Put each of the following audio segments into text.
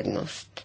редност.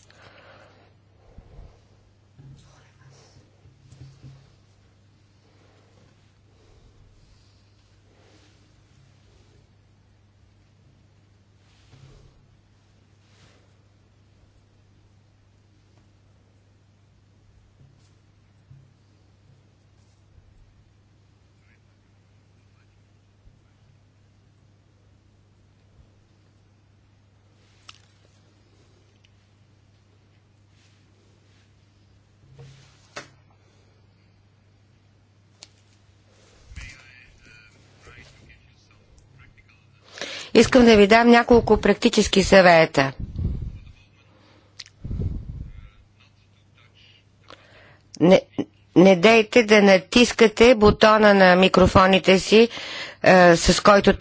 Искам да ви дам няколко практически съвета. Не, не дейте да натискате бутона на микрофоните си, е, с който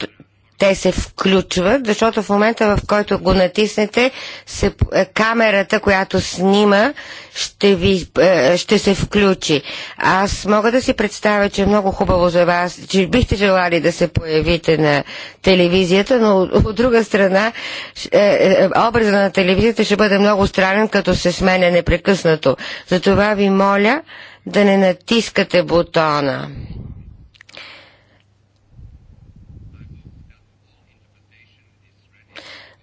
те се включват, защото в момента, в който го натиснете, се, е, камерата, която снима, ще, ви, е, ще се включи. Аз мога да си представя, че е много хубаво за вас, че бихте желали да се появите на телевизията, но от друга страна, е, образа на телевизията ще бъде много странен, като се сменя непрекъснато. Затова ви моля да не натискате бутона.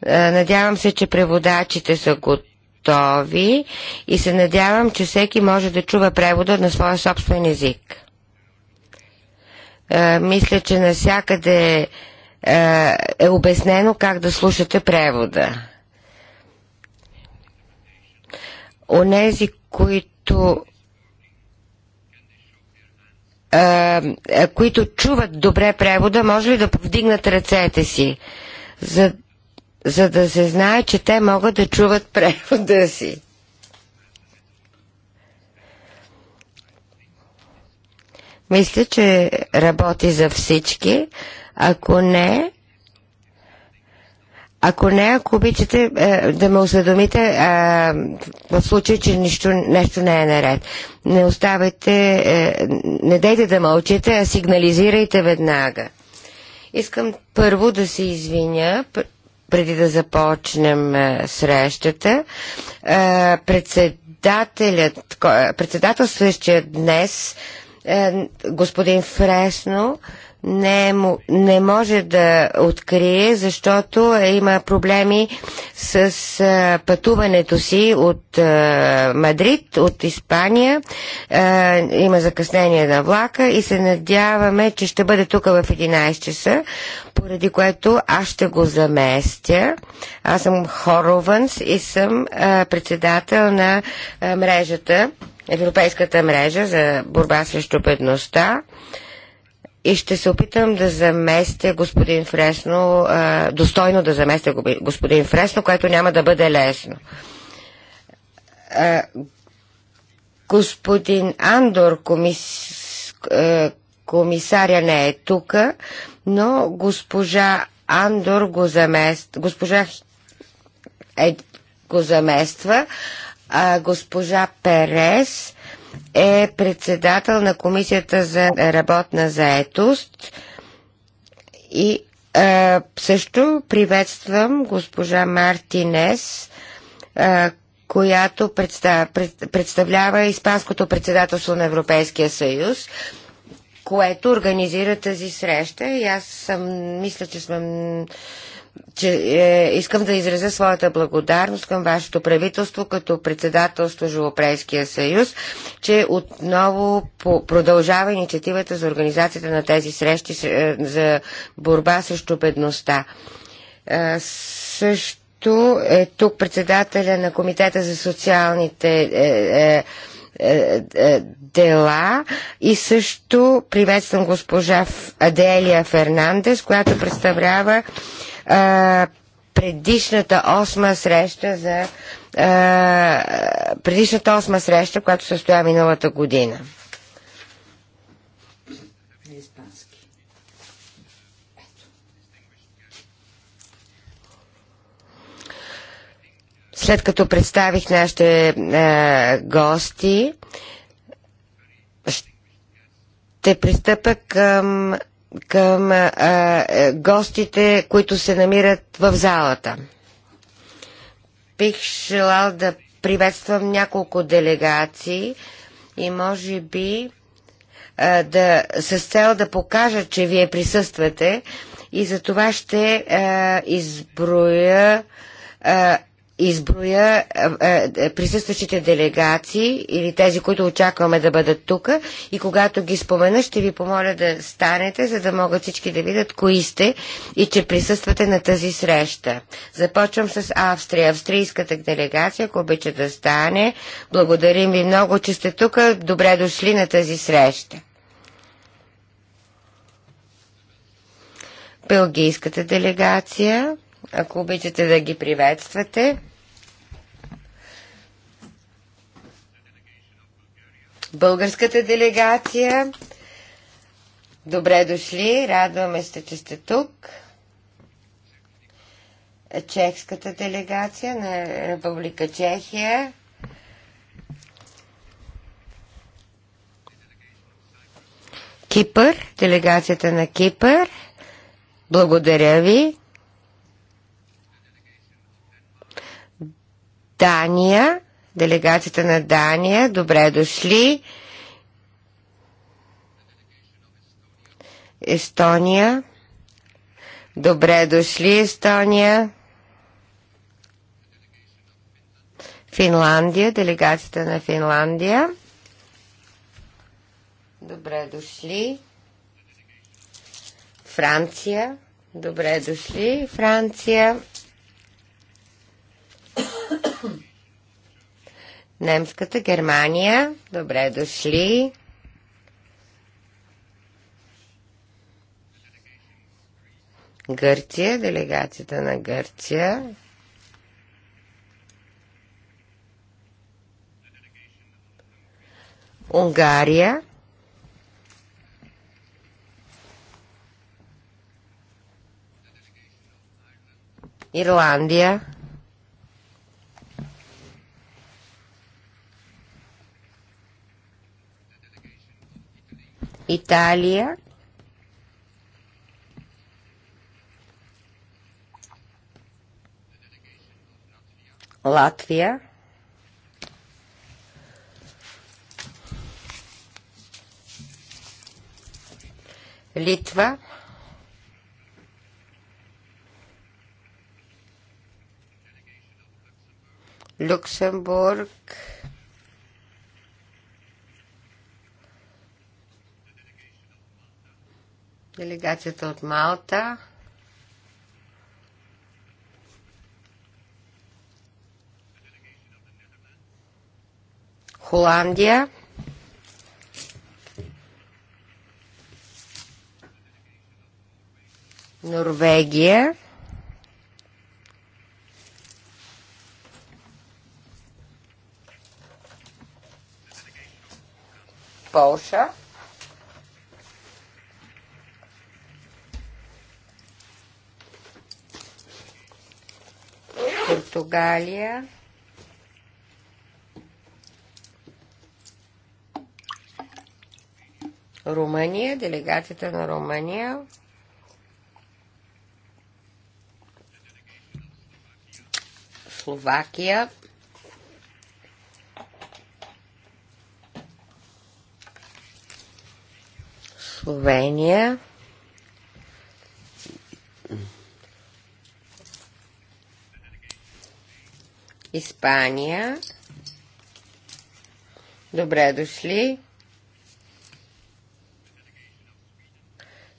Е, надявам се, че преводачите са готови и се надявам, че всеки може да чува превода на своя собствен език. Е, мисля, че насякъде е, е обяснено как да слушате превода. Онези, които които чуват добре превода, може ли да повдигнат ръцете си, за за да се знае, че те могат да чуват превода си. Мисля, че работи за всички. Ако не, ако не, ако обичате е, да ме осведомите е, в случай, че нищо, нещо не е наред. Не оставайте, е, не дейте да мълчите, а сигнализирайте веднага. Искам първо да се извиня преди да започнем е, срещата. Е, председателят, председателстващия днес, е, господин Фресно, не, не може да открие, защото е, има проблеми с а, пътуването си от а, Мадрид, от Испания. А, има закъснение на влака и се надяваме, че ще бъде тук в 11 часа, поради което аз ще го заместя. Аз съм Хорованс и съм а, председател на а, мрежата, Европейската мрежа за борба срещу бедността и ще се опитам да заместя господин Фресно, а, достойно да заместя господин Фресно, което няма да бъде лесно. А, господин Андор, комис, а, комисаря не е тук, но госпожа Андор го замест, госпожа е, го замества, а госпожа Перес е председател на Комисията за работна заетост и е, също приветствам госпожа Мартинес, е, която представ, представлява Испанското председателство на Европейския съюз, което организира тази среща и аз съм, мисля, че съм че е, искам да изразя своята благодарност към вашето правителство като председателство Живопрейския съюз, че отново по, продължава инициативата за организацията на тези срещи е, за борба срещу бедността. Е, също е тук председателя на Комитета за социалните е, е, е, е дела и също приветствам госпожа Аделия Фернандес, която представлява а, предишната осма среща за а, предишната осма среща, която състоя миналата година. След като представих нашите е, гости, ще пристъпя към към а, гостите, които се намират в залата. Бих желал да приветствам няколко делегации и може би а, да, с цел да покажа, че вие присъствате и за това ще а, изброя а, изброя е, е, е, присъстващите делегации или тези, които очакваме да бъдат тук и когато ги спомена, ще ви помоля да станете, за да могат всички да видят кои сте и че присъствате на тази среща. Започвам с Австрия, австрийската делегация, ако обича да стане. Благодарим ви много, че сте тук. Добре дошли на тази среща. Белгийската делегация ако обичате да ги приветствате. Българската делегация. Добре дошли. Радваме се, че сте тук. Чехската делегация на Република Чехия. Кипър, делегацията на Кипър. Благодаря ви. Дания, делегацията на Дания, добре дошли. Естония, добре дошли Естония. Финландия, делегацията на Финландия. Добре дошли. Франция. Добре дошли. Франция. Немската Германия. Добре дошли. Гърция, делегацията на Гърция. Унгария. Ирландия. Италия. Латвия. Литва. Люксембург. делегацията от Малта. Холандия. Норвегия. Полша. Португалия. Румъния, делегацията на Румъния. Словакия. Словения. Испания. Добре дошли.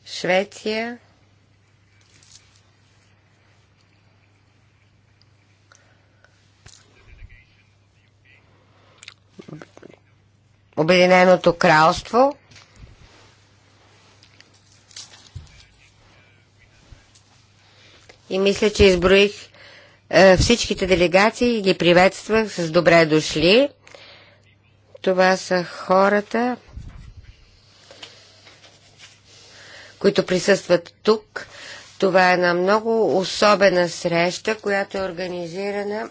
Швеция. Обединеното кралство. И мисля, че изброих е, всичките делегации ги приветствах с добре дошли. Това са хората, които присъстват тук. Това е една много особена среща, която е организирана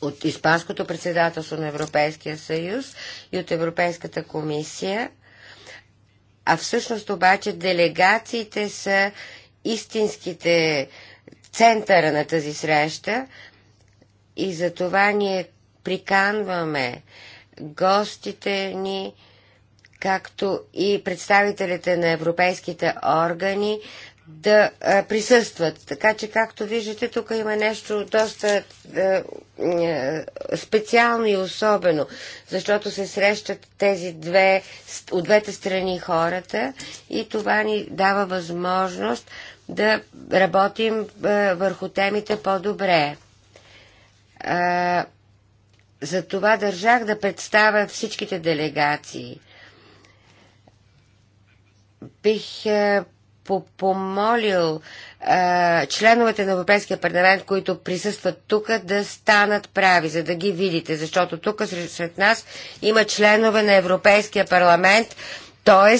от Испанското председателство на Европейския съюз и от Европейската комисия. А всъщност обаче делегациите са истинските центъра на тази среща и за това ние приканваме гостите ни, както и представителите на европейските органи да а, присъстват. Така че, както виждате, тук има нещо доста а, е, а, е, специално и особено, защото се срещат тези две, от двете страни хората и това ни дава възможност да работим върху темите по-добре. За това държах да представя всичките делегации. Бих помолил а, членовете на Европейския парламент, които присъстват тук, да станат прави, за да ги видите, защото тук сред нас има членове на Европейския парламент, т.е.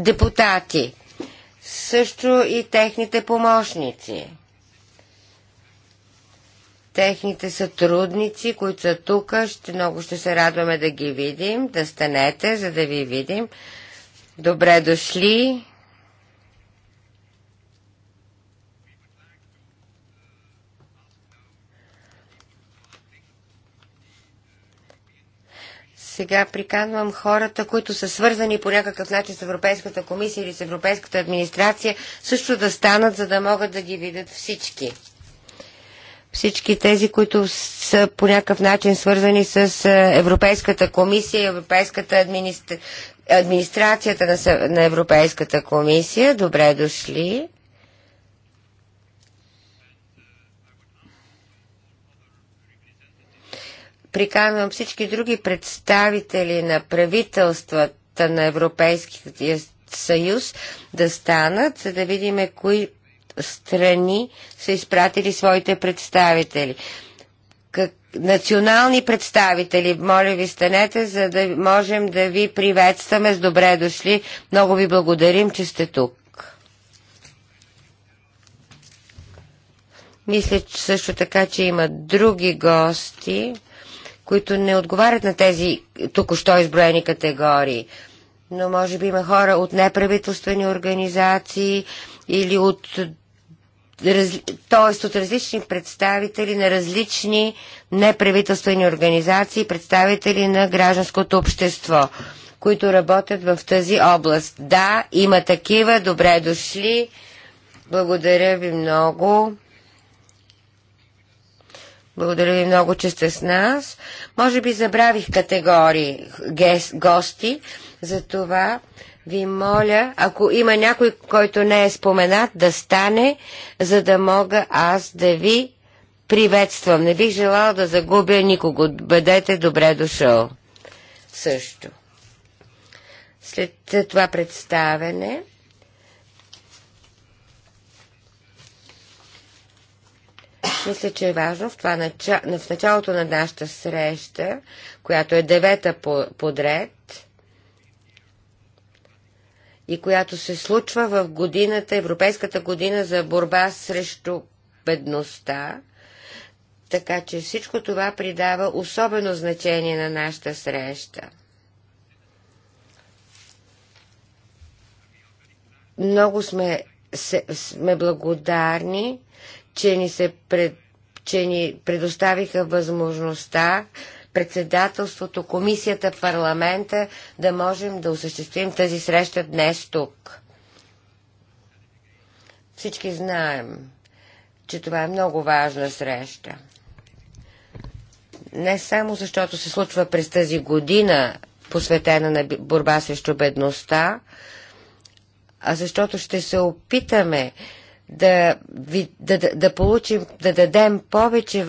депутати също и техните помощници. Техните сътрудници, които са тук, ще, много ще се радваме да ги видим, да станете, за да ви видим. Добре дошли! Сега приканвам хората, които са свързани по някакъв начин с Европейската комисия или с Европейската администрация, също да станат, за да могат да ги видят всички. Всички тези, които са по някакъв начин свързани с е, Европейската комисия и Европейската администра... администрацията на, на Европейската комисия, добре дошли. приканвам всички други представители на правителствата на Европейския съюз да станат, за да видим кои страни са изпратили своите представители. Как... Национални представители, моля ви станете, за да можем да ви приветстваме с добре дошли. Много ви благодарим, че сте тук. Мисля че също така, че има други гости които не отговарят на тези току-що изброени категории. Но може би има хора от неправителствени организации или от т.е. от различни представители на различни неправителствени организации, представители на гражданското общество, които работят в тази област. Да, има такива, добре дошли. Благодаря ви много. Благодаря ви много, че сте с нас. Може би забравих категории гости, затова ви моля, ако има някой, който не е споменат, да стане, за да мога аз да ви приветствам. Не бих желал да загубя никого. Бъдете добре дошъл. Също. След това представене Мисля, че е важно в, това нача... в началото на нашата среща, която е девета подред и която се случва в годината, Европейската година за борба срещу бедността, така че всичко това придава особено значение на нашата среща. Много сме, сме благодарни, че ни, се пред, че ни предоставиха възможността председателството, комисията, парламента да можем да осъществим тази среща днес тук. Всички знаем, че това е много важна среща. Не само защото се случва през тази година, посветена на борба срещу бедността, а защото ще се опитаме да, да, да, да получим, да дадем повече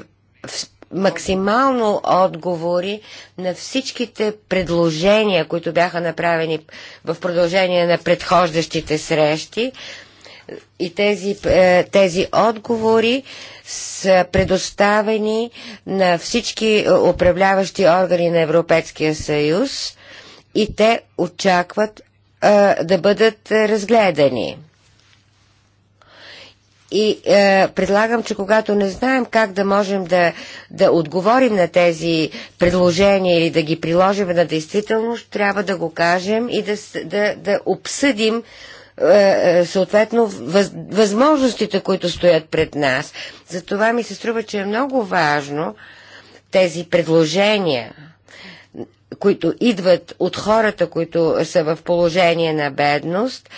максимално отговори на всичките предложения, които бяха направени в продължение на предхождащите срещи. И тези, е, тези отговори са предоставени на всички управляващи органи на Европейския съюз и те очакват е, да бъдат разгледани. И е, предлагам, че когато не знаем как да можем да, да отговорим на тези предложения или да ги приложим на действителност, трябва да го кажем и да, да, да обсъдим е, е, съответно въз, възможностите, които стоят пред нас. Затова ми се струва, че е много важно тези предложения, които идват от хората, които са в положение на бедност,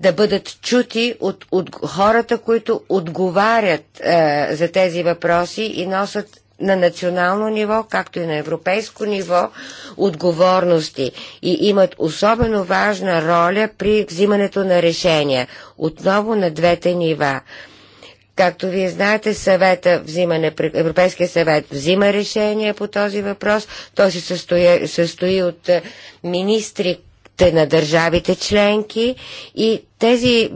да бъдат чути от, от хората, които отговарят е, за тези въпроси и носят на национално ниво, както и на европейско ниво, отговорности и имат особено важна роля при взимането на решения, отново на двете нива. Както вие знаете, съвета взимане, Европейския съвет взима решение по този въпрос. Той се състои, състои от е, министри, те на държавите членки и тези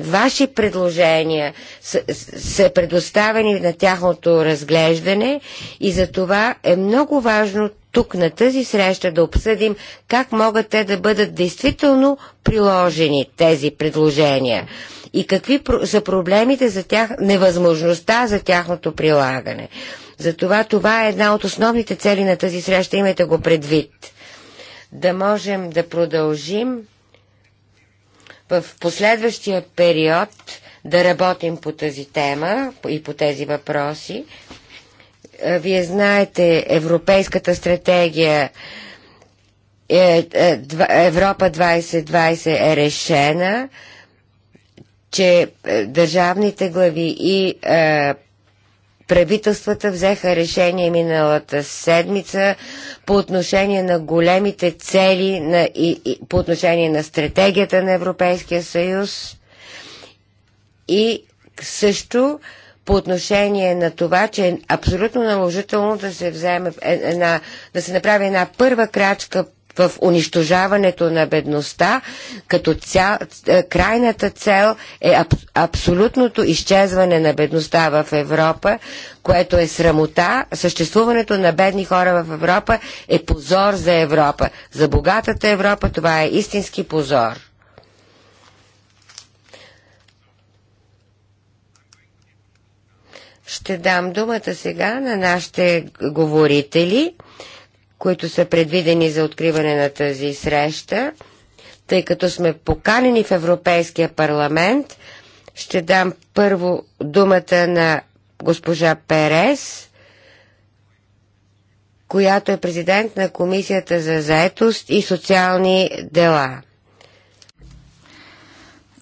ваши предложения са, са предоставени на тяхното разглеждане и за това е много важно тук на тази среща да обсъдим как могат те да бъдат действително приложени тези предложения и какви са проблемите за тях, невъзможността за тяхното прилагане. Затова това е една от основните цели на тази среща, имайте го предвид да можем да продължим в последващия период да работим по тази тема и по тези въпроси. Вие знаете Европейската стратегия е, е, Европа 2020 е решена, че е, държавните глави и Правителствата взеха решение миналата седмица по отношение на големите цели на, и, и, по отношение на стратегията на Европейския съюз и също по отношение на това, че е абсолютно наложително да се, вземе е, една, да се направи една първа крачка в унищожаването на бедността, като ця, е, крайната цел е аб, абсолютното изчезване на бедността в Европа, което е срамота. Съществуването на бедни хора в Европа е позор за Европа. За богатата Европа това е истински позор. Ще дам думата сега на нашите говорители които са предвидени за откриване на тази среща, тъй като сме поканени в Европейския парламент, ще дам първо думата на госпожа Перес, която е президент на Комисията за заетост и социални дела.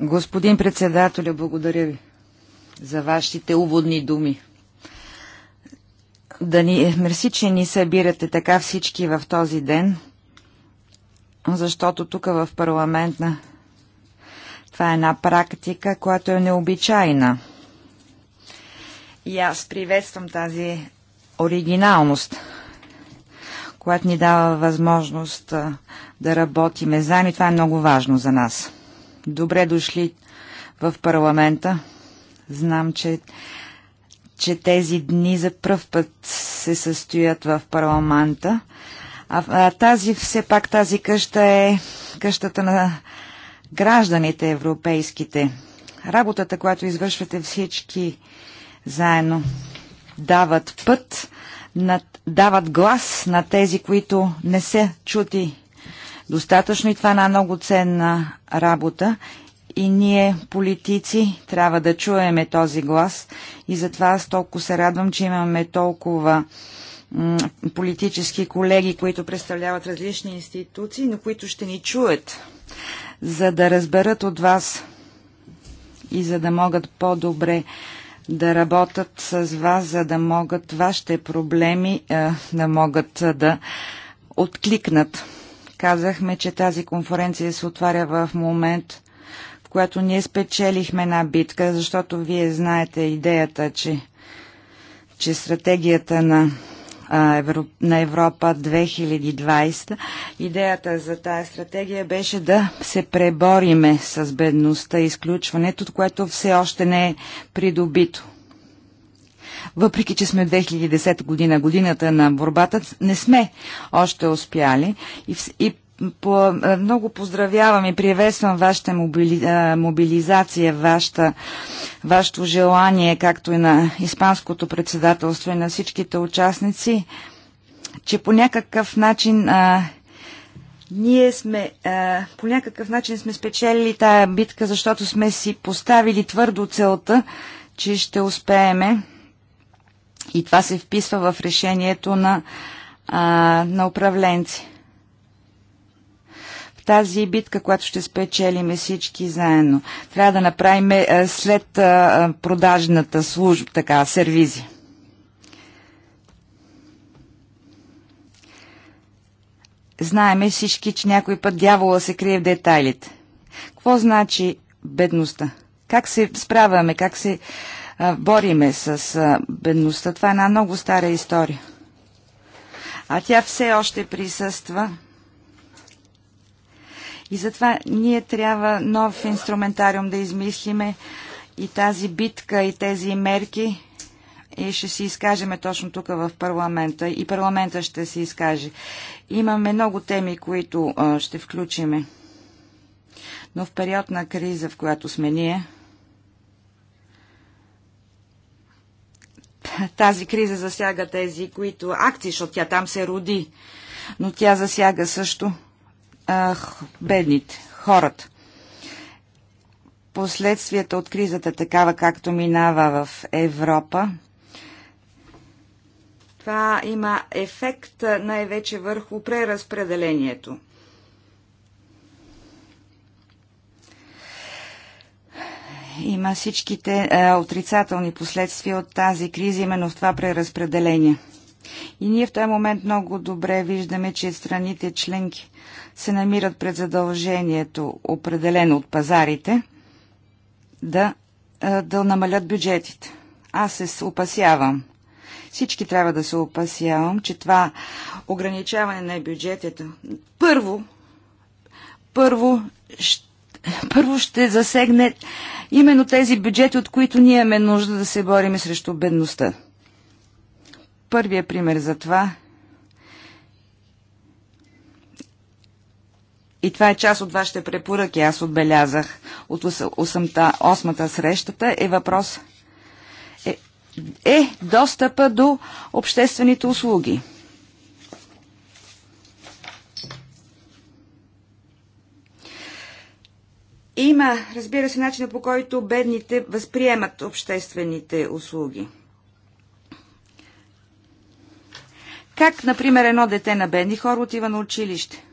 Господин председател, благодаря ви за вашите уводни думи да ни, мерси, че ни събирате така всички в този ден, защото тук в парламента това е една практика, която е необичайна. И аз приветствам тази оригиналност, която ни дава възможност да работиме заедно това е много важно за нас. Добре дошли в парламента. Знам, че че тези дни за пръв път се състоят в парламента. А, а тази, все пак тази къща е къщата на гражданите европейските. Работата, която извършвате всички заедно, дават път, над, дават глас на тези, които не се чути достатъчно и това е една много ценна работа и ние, политици, трябва да чуеме този глас и затова аз толкова се радвам, че имаме толкова политически колеги, които представляват различни институции, но които ще ни чуят, за да разберат от вас и за да могат по-добре да работят с вас, за да могат вашите проблеми е, да могат е, да откликнат. Казахме, че тази конференция се отваря в момент която ние спечелихме една битка, защото вие знаете идеята, че, че стратегията на на Европа 2020. Идеята за тази стратегия беше да се пребориме с бедността и изключването, което все още не е придобито. Въпреки, че сме 2010 година, годината на борбата, не сме още успяли и, и по, е, много поздравявам и приветствам вашата мобили, е, мобилизация, вашата, вашето желание, както и на Испанското председателство и на всичките участници, че по някакъв начин а, е, ние сме, а, по някакъв начин сме спечелили тая битка, защото сме си поставили твърдо целта, че ще успееме. И това се вписва в решението на, а, на управленци тази битка, която ще спечелиме всички заедно. Трябва да направим е, след е, продажната служба, така, сервизи. Знаеме всички, че някой път дявола се крие в детайлите. Какво значи бедността? Как се справяме, как се а, е, бориме с а, бедността? Това е една много стара история. А тя все още присъства и затова ние трябва нов инструментариум да измислиме и тази битка и тези мерки и ще си изкажеме точно тук в парламента и парламента ще се изкаже. Имаме много теми, които а, ще включиме. Но в период на криза, в която сме ние, тази криза засяга тези, които акции, защото тя там се роди, но тя засяга също а, бедните, хората. Последствията от кризата, такава както минава в Европа, това има ефект най-вече върху преразпределението. Има всичките е, отрицателни последствия от тази криза, именно в това преразпределение – и ние в този момент много добре виждаме, че страните членки се намират пред задължението, определено от пазарите, да, да намалят бюджетите. Аз се опасявам. Всички трябва да се опасявам, че това ограничаване на бюджетите първо, първо ще първо ще засегне именно тези бюджети, от които ние имаме нужда да се борим срещу бедността. Първия пример за това И това е част от вашите препоръки, аз отбелязах от 8-та, срещата, е въпрос е, е достъпа до обществените услуги. Има, разбира се, начина по който бедните възприемат обществените услуги. Как, например, едно дете на бедни хора отива на училище?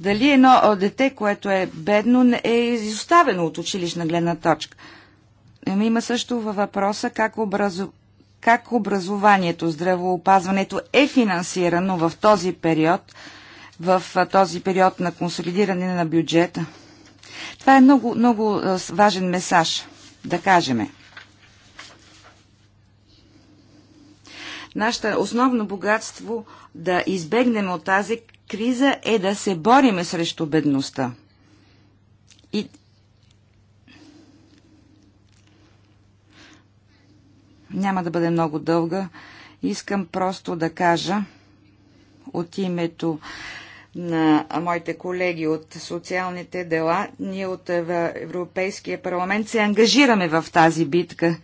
Дали едно дете, което е бедно, е изоставено от училищна гледна точка? Ами има също във въпроса как, образу... как образованието, здравоопазването е финансирано в този период, в този период на консолидиране на бюджета. Това е много, много важен месаж, да кажеме. нашата основно богатство да избегнем от тази криза е да се бориме срещу бедността. И няма да бъде много дълга. Искам просто да кажа от името на моите колеги от социалните дела, ние от Европейския парламент се ангажираме в тази битка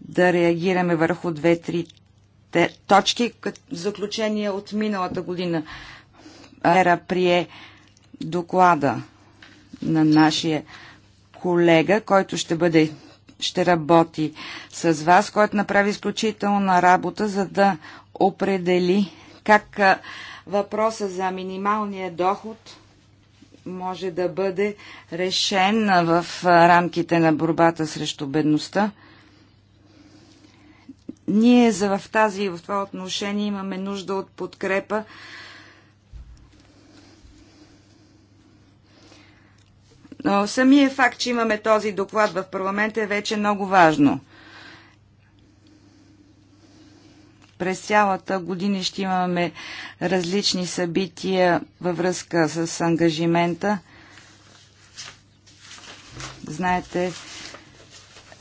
да реагираме върху две-три те точки в заключение от миналата година. Ера прие доклада на нашия колега, който ще бъде ще работи с вас, който направи изключителна работа, за да определи как въпроса за минималния доход може да бъде решен в рамките на борбата срещу бедността ние за в тази и в това отношение имаме нужда от подкрепа. Но самия факт, че имаме този доклад в парламента е вече много важно. През цялата година ще имаме различни събития във връзка с ангажимента. Знаете,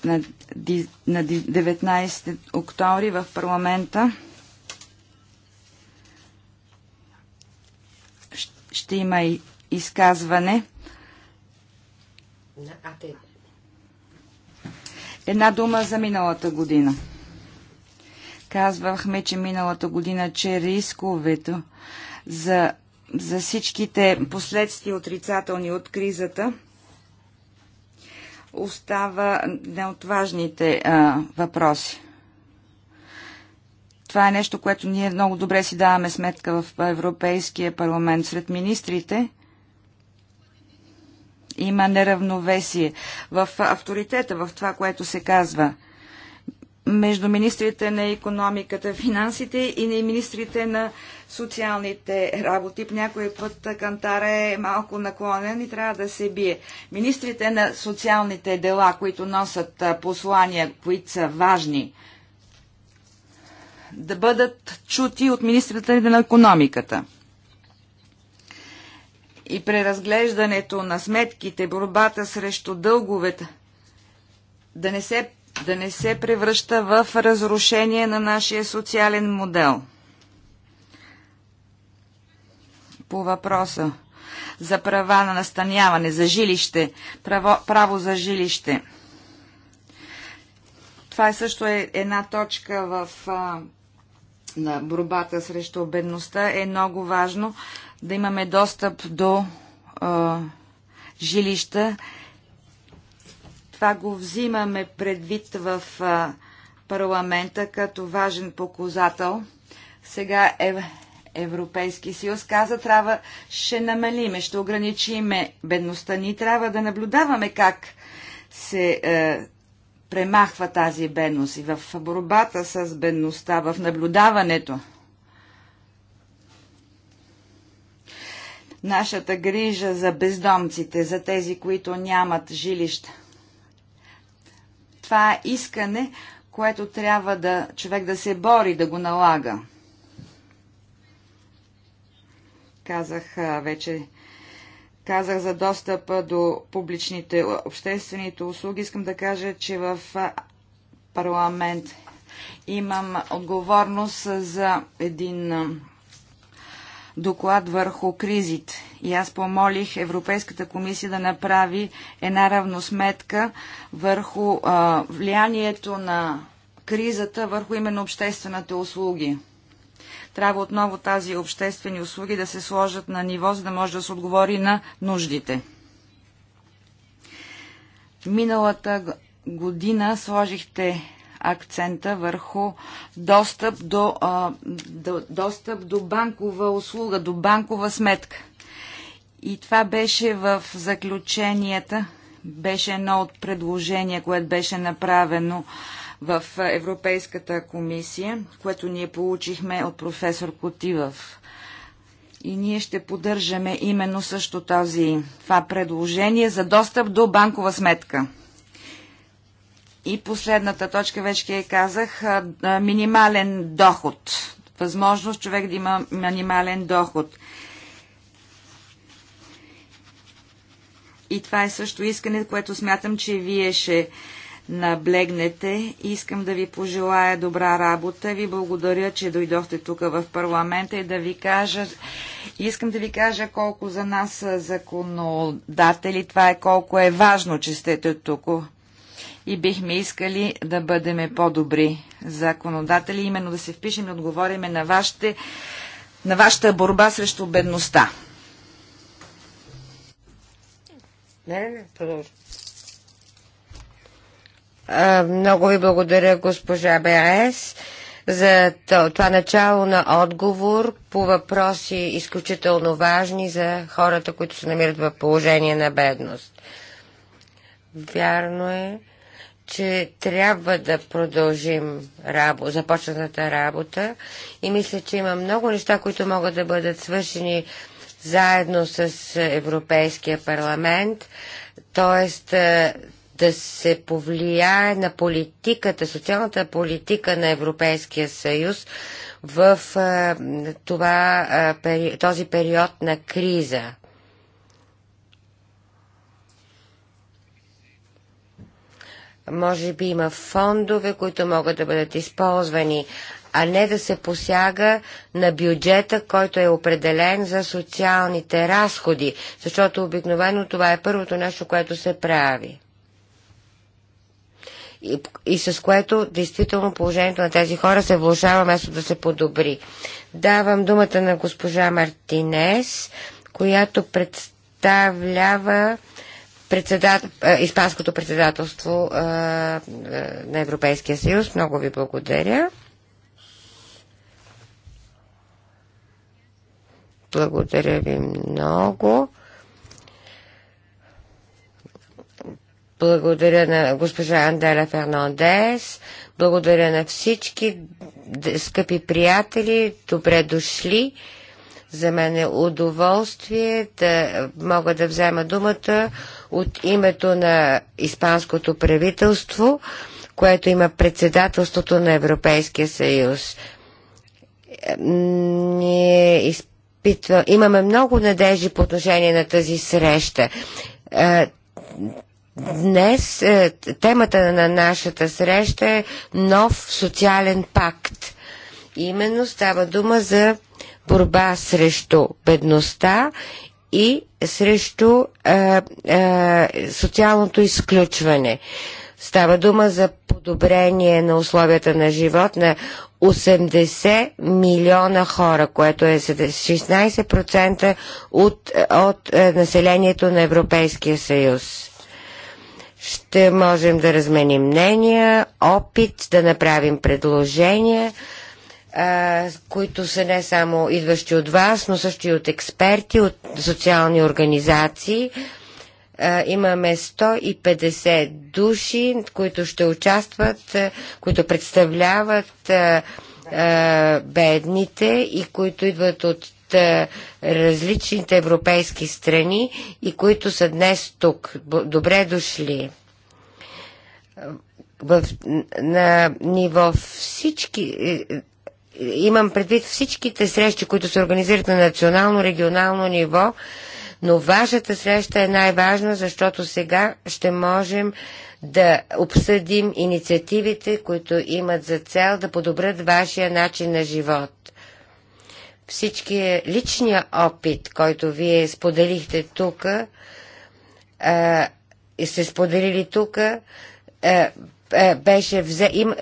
на 19 октомври в парламента. Ще има и изказване. Една дума за миналата година. Казвахме, че миналата година, че рисковето за, за всичките последствия отрицателни от кризата – остава не от важните а, въпроси. Това е нещо, което ние много добре си даваме сметка в Европейския парламент сред министрите. Има неравновесие в авторитета, в това, което се казва – между министрите на економиката, финансите и на министрите на социалните работи. По някой път кантара е малко наклонен и трябва да се бие. Министрите на социалните дела, които носят послания, които са важни, да бъдат чути от министрите на економиката и преразглеждането на сметките, борбата срещу дълговете, да не се да не се превръща в разрушение на нашия социален модел. По въпроса за права на настаняване, за жилище, право, право за жилище. Това е също е една точка в а, на борбата срещу бедността. Е много важно да имаме достъп до а, жилища това го взимаме предвид в парламента като важен показател. Сега е Европейски съюз каза, трябва ще намалиме, ще ограничиме бедността ни, трябва да наблюдаваме как се е, премахва тази бедност и в борбата с бедността, в наблюдаването. Нашата грижа за бездомците, за тези, които нямат жилища. Това е искане, което трябва да, човек да се бори, да го налага. Казах вече казах за достъпа до публичните обществените услуги, искам да кажа, че в парламент имам отговорност за един доклад върху кризите. И аз помолих Европейската комисия да направи една равносметка върху а, влиянието на кризата върху именно обществените услуги. Трябва отново тази обществени услуги да се сложат на ниво, за да може да се отговори на нуждите. Миналата година сложихте акцента върху достъп до, а, до, достъп до банкова услуга, до банкова сметка. И това беше в заключенията, беше едно от предложения, което беше направено в Европейската комисия, което ние получихме от професор Котивъв. И ние ще поддържаме именно също този, това предложение за достъп до банкова сметка. И последната точка, вече я казах, минимален доход. Възможност човек да има минимален доход. И това е също искане, което смятам, че вие ще наблегнете. Искам да ви пожелая добра работа. Ви благодаря, че дойдохте тук в парламента и да ви кажа, искам да ви кажа колко за нас законодатели това е, колко е важно, че сте тук и бихме искали да бъдем по-добри законодатели, именно да се впишем и отговориме на, вашите, на вашата борба срещу бедността. Не, не, продължи. Е. Много ви благодаря, госпожа Берес, за това начало на отговор по въпроси изключително важни за хората, които се намират в положение на бедност. Вярно е, че трябва да продължим рабо, започната работа и мисля, че има много неща, които могат да бъдат свършени заедно с Европейския парламент, т.е. да се повлияе на политиката, социалната политика на Европейския съюз в е, това, е, този период на криза. Може би има фондове, които могат да бъдат използвани, а не да се посяга на бюджета, който е определен за социалните разходи, защото обикновено това е първото нещо, което се прави. И, и с което действително положението на тези хора се влушава, вместо да се подобри. Давам думата на госпожа Мартинес, която представлява председат, е, Испанското председателство е, е, на Европейския съюз. Много ви благодаря. Благодаря ви много. Благодаря на госпожа Анделя Фернандес. Благодаря на всички скъпи приятели. Добре дошли. За мен е удоволствие да мога да взема думата от името на Испанското правителство, което има председателството на Европейския съюз. Ние изпитва, имаме много надежди по отношение на тази среща. Днес темата на нашата среща е нов социален пакт. Именно става дума за борба срещу бедността и срещу а, а, социалното изключване. Става дума за подобрение на условията на живот на 80 милиона хора, което е 16% от, от е, населението на Европейския съюз. Ще можем да разменим мнения, опит, да направим предложения които са не само идващи от вас, но също и от експерти, от социални организации. Имаме 150 души, които ще участват, които представляват бедните и които идват от различните европейски страни и които са днес тук. Добре дошли! в, на ниво всички е, имам предвид всичките срещи, които се организират на национално, регионално ниво, но вашата среща е най-важна, защото сега ще можем да обсъдим инициативите, които имат за цел да подобрят вашия начин на живот. Всичкият е личния опит, който вие споделихте тук, и се споделили тук, беше, взе, им,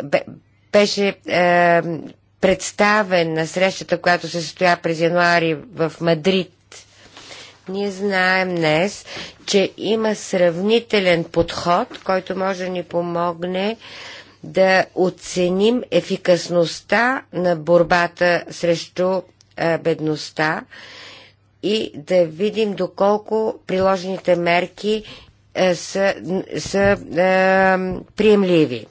беше представен на срещата, която се състоя през януари в Мадрид. Ние знаем днес, че има сравнителен подход, който може да ни помогне да оценим ефикасността на борбата срещу бедността и да видим доколко приложените мерки са, са приемливи.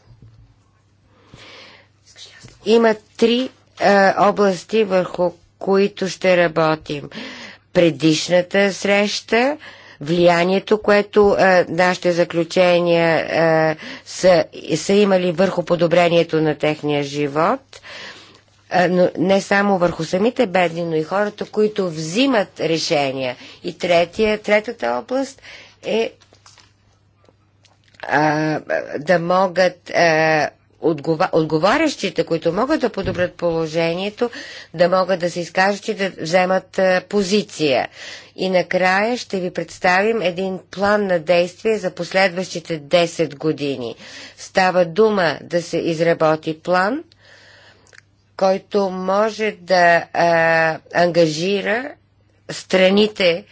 Има три е, области, върху които ще работим. Предишната среща, влиянието, което е, нашите заключения е, са, са имали върху подобрението на техния живот, е, но не само върху самите бедни, но и хората, които взимат решения. И третия, третата област е а, е, да могат а, е, отговарящите, които могат да подобрят положението, да могат да се изкажат и да вземат позиция. И накрая ще ви представим един план на действие за последващите 10 години. Става дума да се изработи план, който може да а, ангажира страните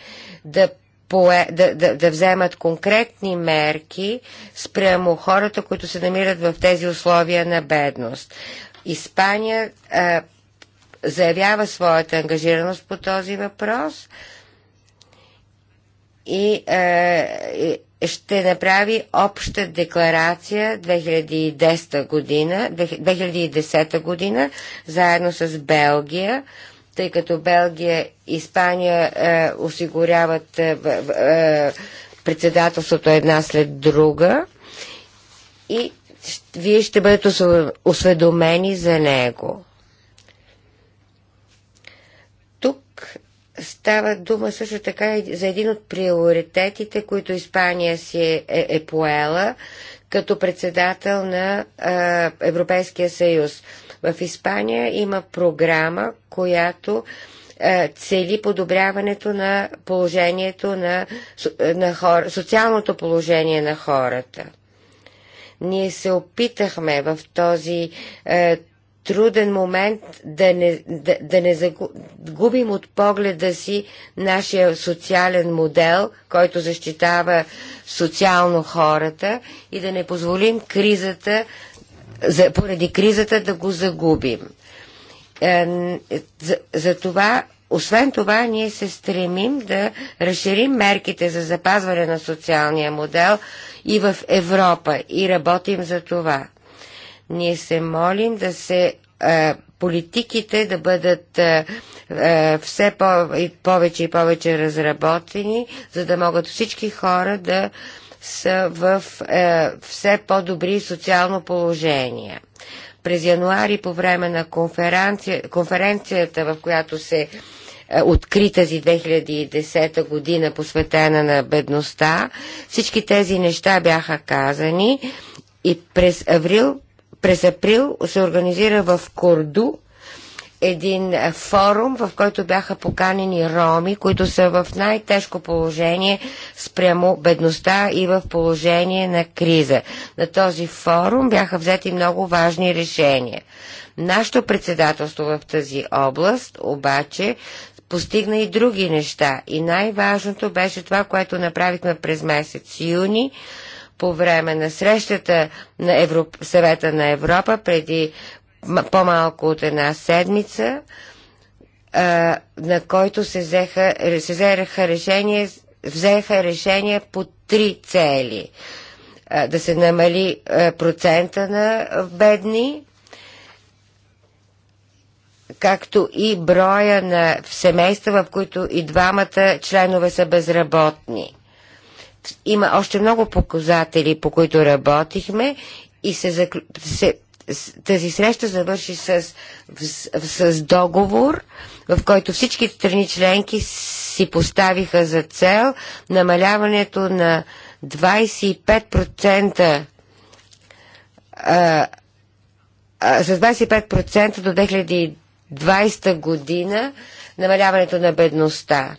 да пое, да, да, да вземат конкретни мерки спрямо хората, които се намират в тези условия на бедност. Испания а, заявява своята ангажираност по този въпрос и а, ще направи обща декларация 2010 година, 2010 година заедно с Белгия тъй като Белгия и Испания е, осигуряват е, е, председателството една след друга и вие ще бъдете осведомени за него. Тук става дума също така и за един от приоритетите, които Испания си е, е, е поела като председател на е, Европейския съюз – в Испания има програма, която е, цели подобряването на положението на, на хора, социалното положение на хората. Ние се опитахме в този е, труден момент да не, да, да не загубим от погледа си нашия социален модел, който защитава социално хората и да не позволим кризата за, поради кризата да го загубим. Е, за, за това, освен това, ние се стремим да разширим мерките за запазване на социалния модел и в Европа и работим за това. Ние се молим да се е, политиките да бъдат е, е, все по- и повече и повече разработени, за да могат всички хора да е, са в е, все по-добри социално положение. През януари по време на конференция, конференцията, в която се е, откри тази 2010 година, посветена на бедността. Всички тези неща бяха казани и през април, през април се организира в Корду един е, форум, в който бяха поканени роми, които са в най-тежко положение спрямо бедността и в положение на криза. На този форум бяха взети много важни решения. Нашето председателство в тази област обаче постигна и други неща. И най-важното беше това, което направихме през месец юни, по време на срещата на Европ... съвета на Европа преди по-малко от една седмица, на който се, взеха, се взеха решение, взеха решение по три цели. Да се намали процента на бедни, както и броя на семейства, в които и двамата членове са безработни. Има още много показатели, по които работихме и се, се тази среща завърши с, с договор, в който всички страни членки си поставиха за цел намаляването на 25% а, а, с 25% до 2020 година намаляването на бедността.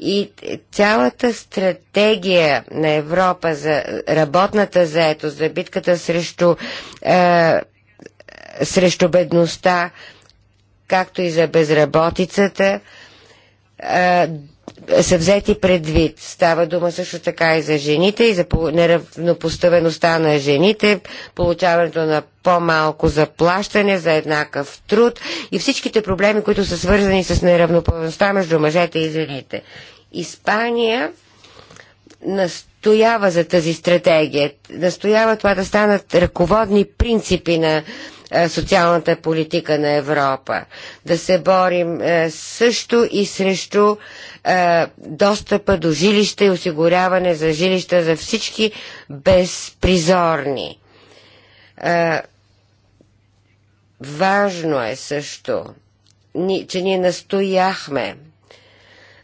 И цялата стратегия на Европа за работната заетост, за битката срещу е, срещу бедността, както и за безработицата, са взети предвид. Става дума също така и за жените, и за неравнопоставеността на жените, получаването на по-малко заплащане за еднакъв труд и всичките проблеми, които са свързани с неравнопоставеността между мъжете и жените. Испания настоява за тази стратегия, настоява това да станат ръководни принципи на е, социалната политика на Европа. Да се борим е, също и срещу е, достъпа до жилища и осигуряване за жилища за всички безпризорни. Важно е също, че ние настояхме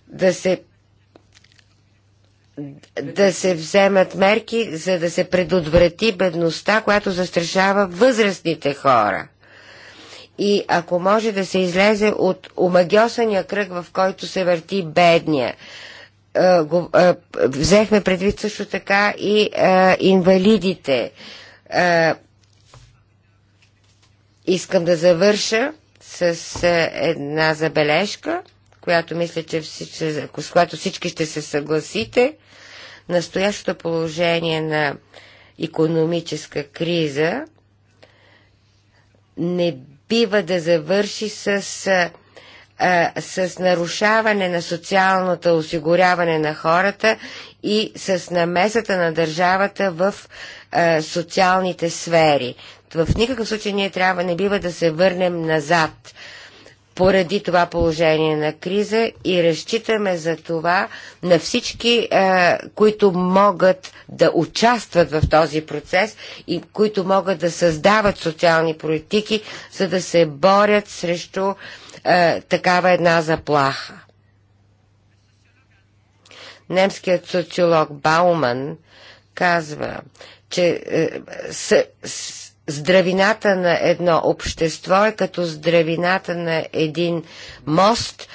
да се да се вземат мерки, за да се предотврати бедността, която застрашава възрастните хора. И ако може да се излезе от омагиосания кръг, в който се върти бедния. Взехме предвид също така и инвалидите. Искам да завърша с една забележка, която мисля, че всички, с която всички ще се съгласите настоящото положение на економическа криза не бива да завърши с, а, с нарушаване на социалното осигуряване на хората и с намесата на държавата в а, социалните сфери. В никакъв случай ние трябва не бива да се върнем назад поради това положение на криза и разчитаме за това на всички, е, които могат да участват в този процес и които могат да създават социални политики, за да се борят срещу е, такава една заплаха. Немският социолог Бауман казва, че е, с, здравината на едно общество е като здравината на един мост,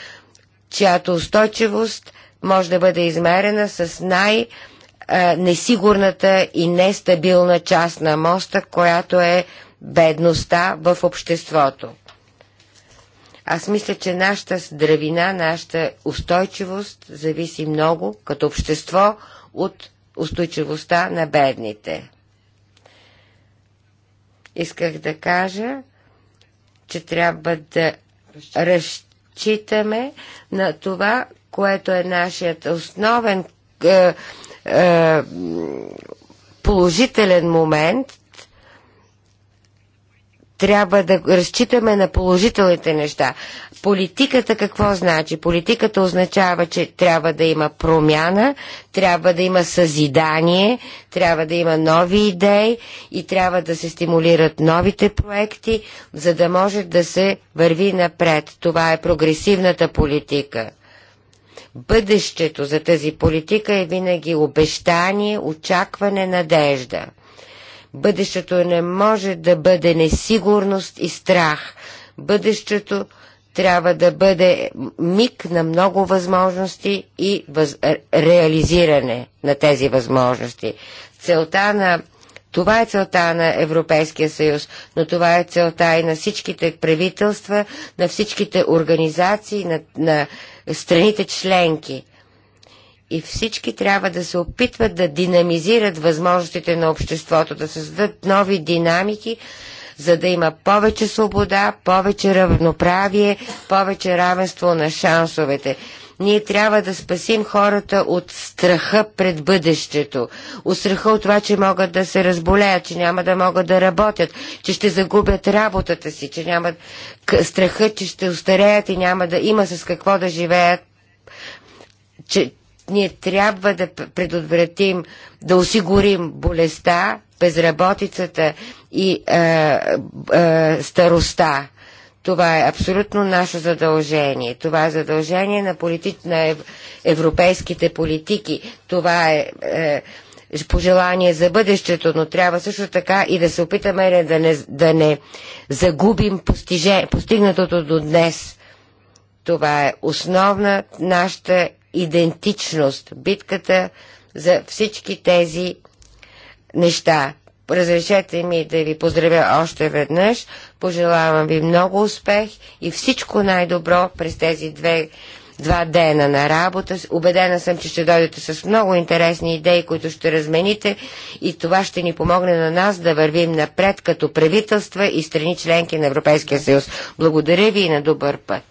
чиято устойчивост може да бъде измерена с най- несигурната и нестабилна част на моста, която е бедността в обществото. Аз мисля, че нашата здравина, нашата устойчивост зависи много като общество от устойчивостта на бедните. Исках да кажа, че трябва да разчитаме на това, което е нашият основен е, е, положителен момент. Трябва да разчитаме на положителните неща, Политиката какво значи? Политиката означава, че трябва да има промяна, трябва да има съзидание, трябва да има нови идеи и трябва да се стимулират новите проекти, за да може да се върви напред. Това е прогресивната политика. Бъдещето за тази политика е винаги обещание, очакване, надежда. Бъдещето не може да бъде несигурност и страх. Бъдещето трябва да бъде миг на много възможности и въз... реализиране на тези възможности. Целта на това е целта на Европейския съюз, но това е целта и на всичките правителства, на всичките организации, на, на страните членки. И всички трябва да се опитват да динамизират възможностите на обществото, да създадат нови динамики, за да има повече свобода, повече равноправие, повече равенство на шансовете. Ние трябва да спасим хората от страха пред бъдещето. От страха от това, че могат да се разболеят, че няма да могат да работят, че ще загубят работата си, че нямат страха, че ще устареят и няма да има с какво да живеят. Че ние трябва да предотвратим, да осигурим болестта, безработицата и а, е, а, е, староста. Това е абсолютно наше задължение. Това е задължение на, полити... на европейските политики. Това е, е пожелание за бъдещето, но трябва също така и да се опитаме да не, да не загубим постиже... постигнатото до днес. Това е основна нашата идентичност. Битката за всички тези неща. Разрешете ми да ви поздравя още веднъж. Пожелавам ви много успех и всичко най-добро през тези две, два дена на работа. Убедена съм, че ще дойдете с много интересни идеи, които ще размените и това ще ни помогне на нас да вървим напред като правителства и страни членки на Европейския съюз. Благодаря ви и на добър път.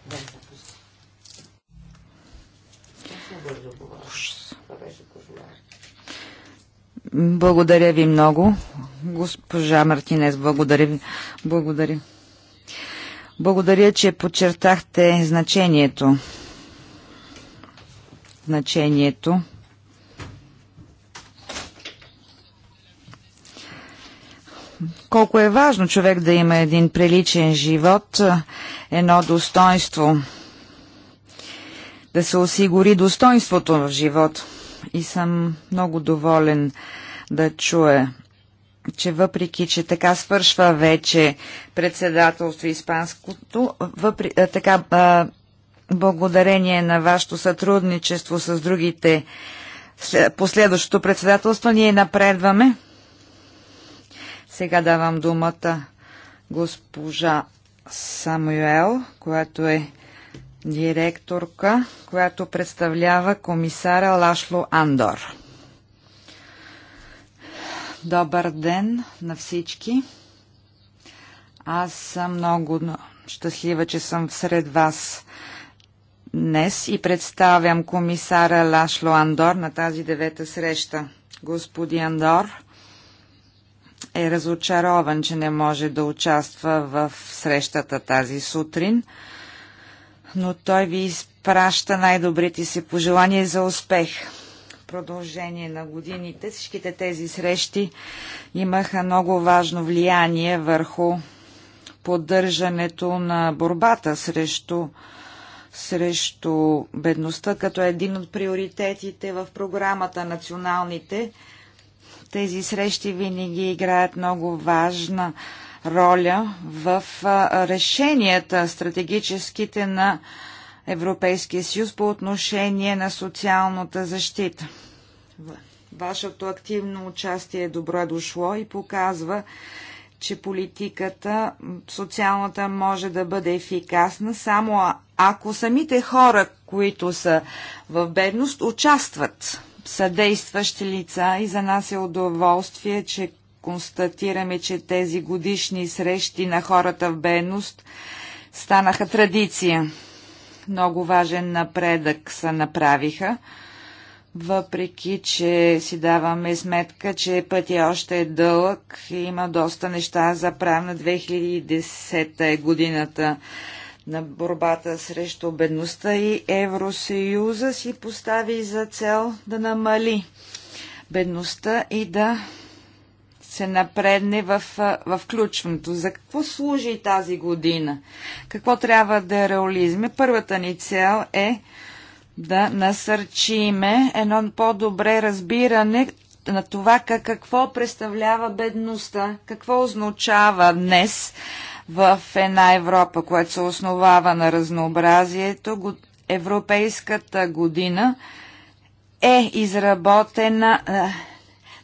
Благодаря ви много, Госпожа Мартинес, благодаря ви. Благодаря. Благодаря, че подчертахте значението. Значението. Колко е важно човек да има един приличен живот, едно достоинство. Да се осигури достоинството в живот. И съм много доволен да чуя че въпреки, че така свършва вече председателство Испанското, въпри, а, така а, благодарение на вашето сътрудничество с другите последващото председателство, ние напредваме. Сега давам думата госпожа Самуел, която е директорка, която представлява комисара Лашло Андор. Добър ден на всички. Аз съм много щастлива, че съм сред вас днес и представям комисара Лашло Андор на тази девета среща. Господин Андор е разочарован, че не може да участва в срещата тази сутрин, но той ви изпраща най-добрите си пожелания за успех продължение на годините. Всичките тези срещи имаха много важно влияние върху поддържането на борбата срещу, срещу бедността, като един от приоритетите в програмата националните. Тези срещи винаги играят много важна роля в решенията стратегическите на Европейския съюз по отношение на социалната защита. Вашето активно участие е добро дошло и показва, че политиката социалната може да бъде ефикасна само ако самите хора, които са в бедност, участват съдействащи лица и за нас е удоволствие, че констатираме, че тези годишни срещи на хората в бедност станаха традиция. Много важен напредък се направиха, въпреки че си даваме сметка, че пътя е още е дълъг и има доста неща за правна 2010 е годината на борбата срещу бедността и Евросъюза си постави за цел да намали бедността и да се напредне в, в включването. За какво служи тази година? Какво трябва да реализме? Първата ни цел е да насърчиме едно по-добре разбиране на това как, какво представлява бедността, какво означава днес в една Европа, която се основава на разнообразието. Европейската година е изработена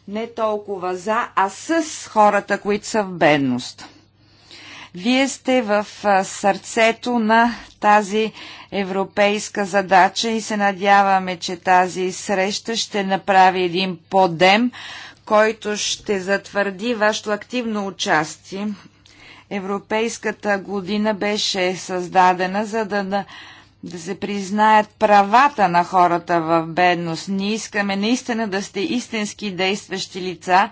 не толкова за, а с хората, които са в бедност. Вие сте в сърцето на тази европейска задача и се надяваме, че тази среща ще направи един подем, който ще затвърди вашето активно участие. Европейската година беше създадена, за да да се признаят правата на хората в бедност. Ние искаме наистина да сте истински действащи лица.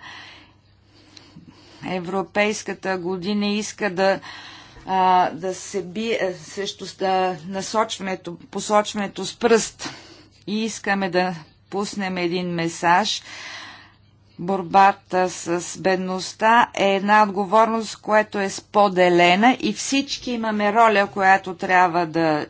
Европейската година иска да, а, да се бие също да насочването, посочването с пръст. И искаме да пуснем един месаж. Борбата с бедността е една отговорност, която е споделена и всички имаме роля, която трябва да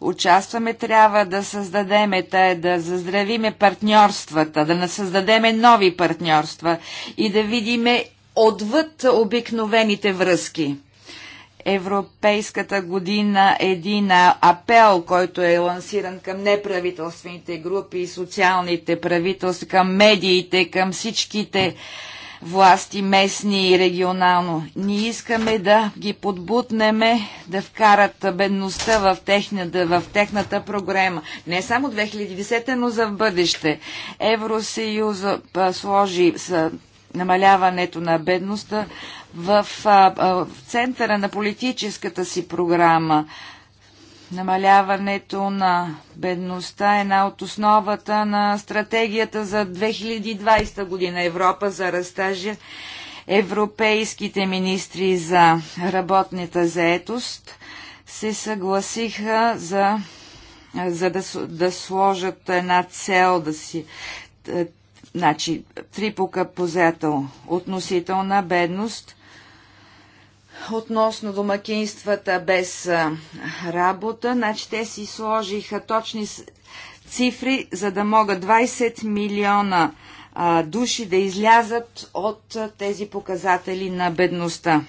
участваме, трябва да създадеме, да заздравиме партньорствата, да не създадеме нови партньорства и да видиме отвъд обикновените връзки. Европейската година е един апел, който е лансиран към неправителствените групи, социалните правителства, към медиите, към всичките власти, местни и регионално. Ние искаме да ги подбутнеме да вкарат бедността в техната, в техната програма. Не само 2010, но за в бъдеще. Евросъюз сложи с намаляването на бедността в, в центъра на политическата си програма. Намаляването на бедността е една от основата на стратегията за 2020 година Европа за растажа. Е европейските министри за работната заетост се съгласиха за, за да, да сложат една цел да си значи, три по относителна бедност – относно домакинствата без работа. Значи те си сложиха точни цифри, за да могат 20 милиона души да излязат от тези показатели на бедността.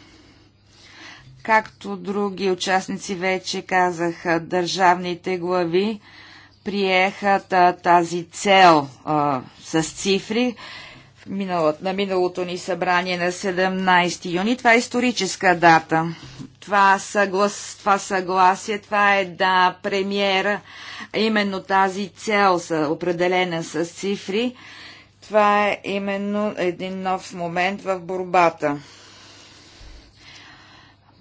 Както други участници вече казаха, държавните глави приеха тази цел а, с цифри на миналото ни събрание на 17 юни. Това е историческа дата. Това, съглас, това съгласие, това е да премиера именно тази цел, са определена с цифри. Това е именно един нов момент в борбата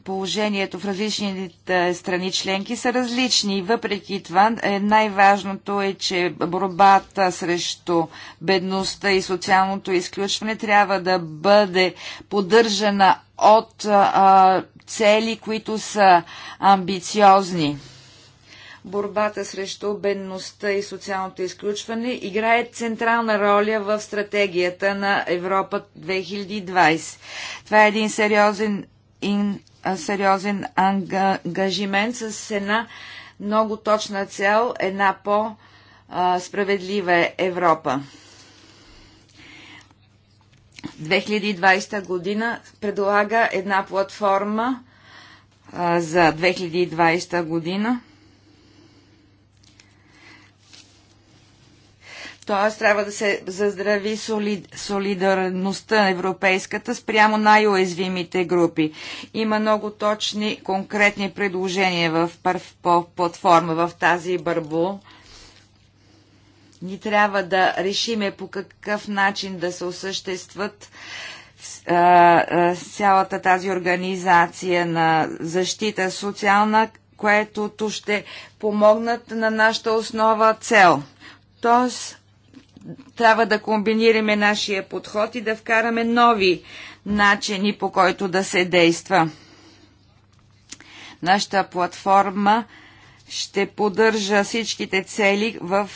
положението в различните страни членки са различни. Въпреки това, е, най-важното е, че борбата срещу бедността и социалното изключване трябва да бъде поддържана от а, цели, които са амбициозни. Борбата срещу бедността и социалното изключване играе централна роля в стратегията на Европа 2020. Това е един сериозен сериозен ангажимент с една много точна цел, една по-справедлива Европа. 2020 година предлага една платформа за 2020 година Тоест трябва да се заздрави солид, солидарността на европейската спрямо най-уязвимите групи. Има много точни, конкретни предложения в, по платформа в тази бърбо. Ни трябва да решиме по какъв начин да се осъществат цялата тази организация на защита социална, което ще помогнат на нашата основа цел. Тоест, трябва да комбинираме нашия подход и да вкараме нови начини, по който да се действа. Нашата платформа ще поддържа всичките цели в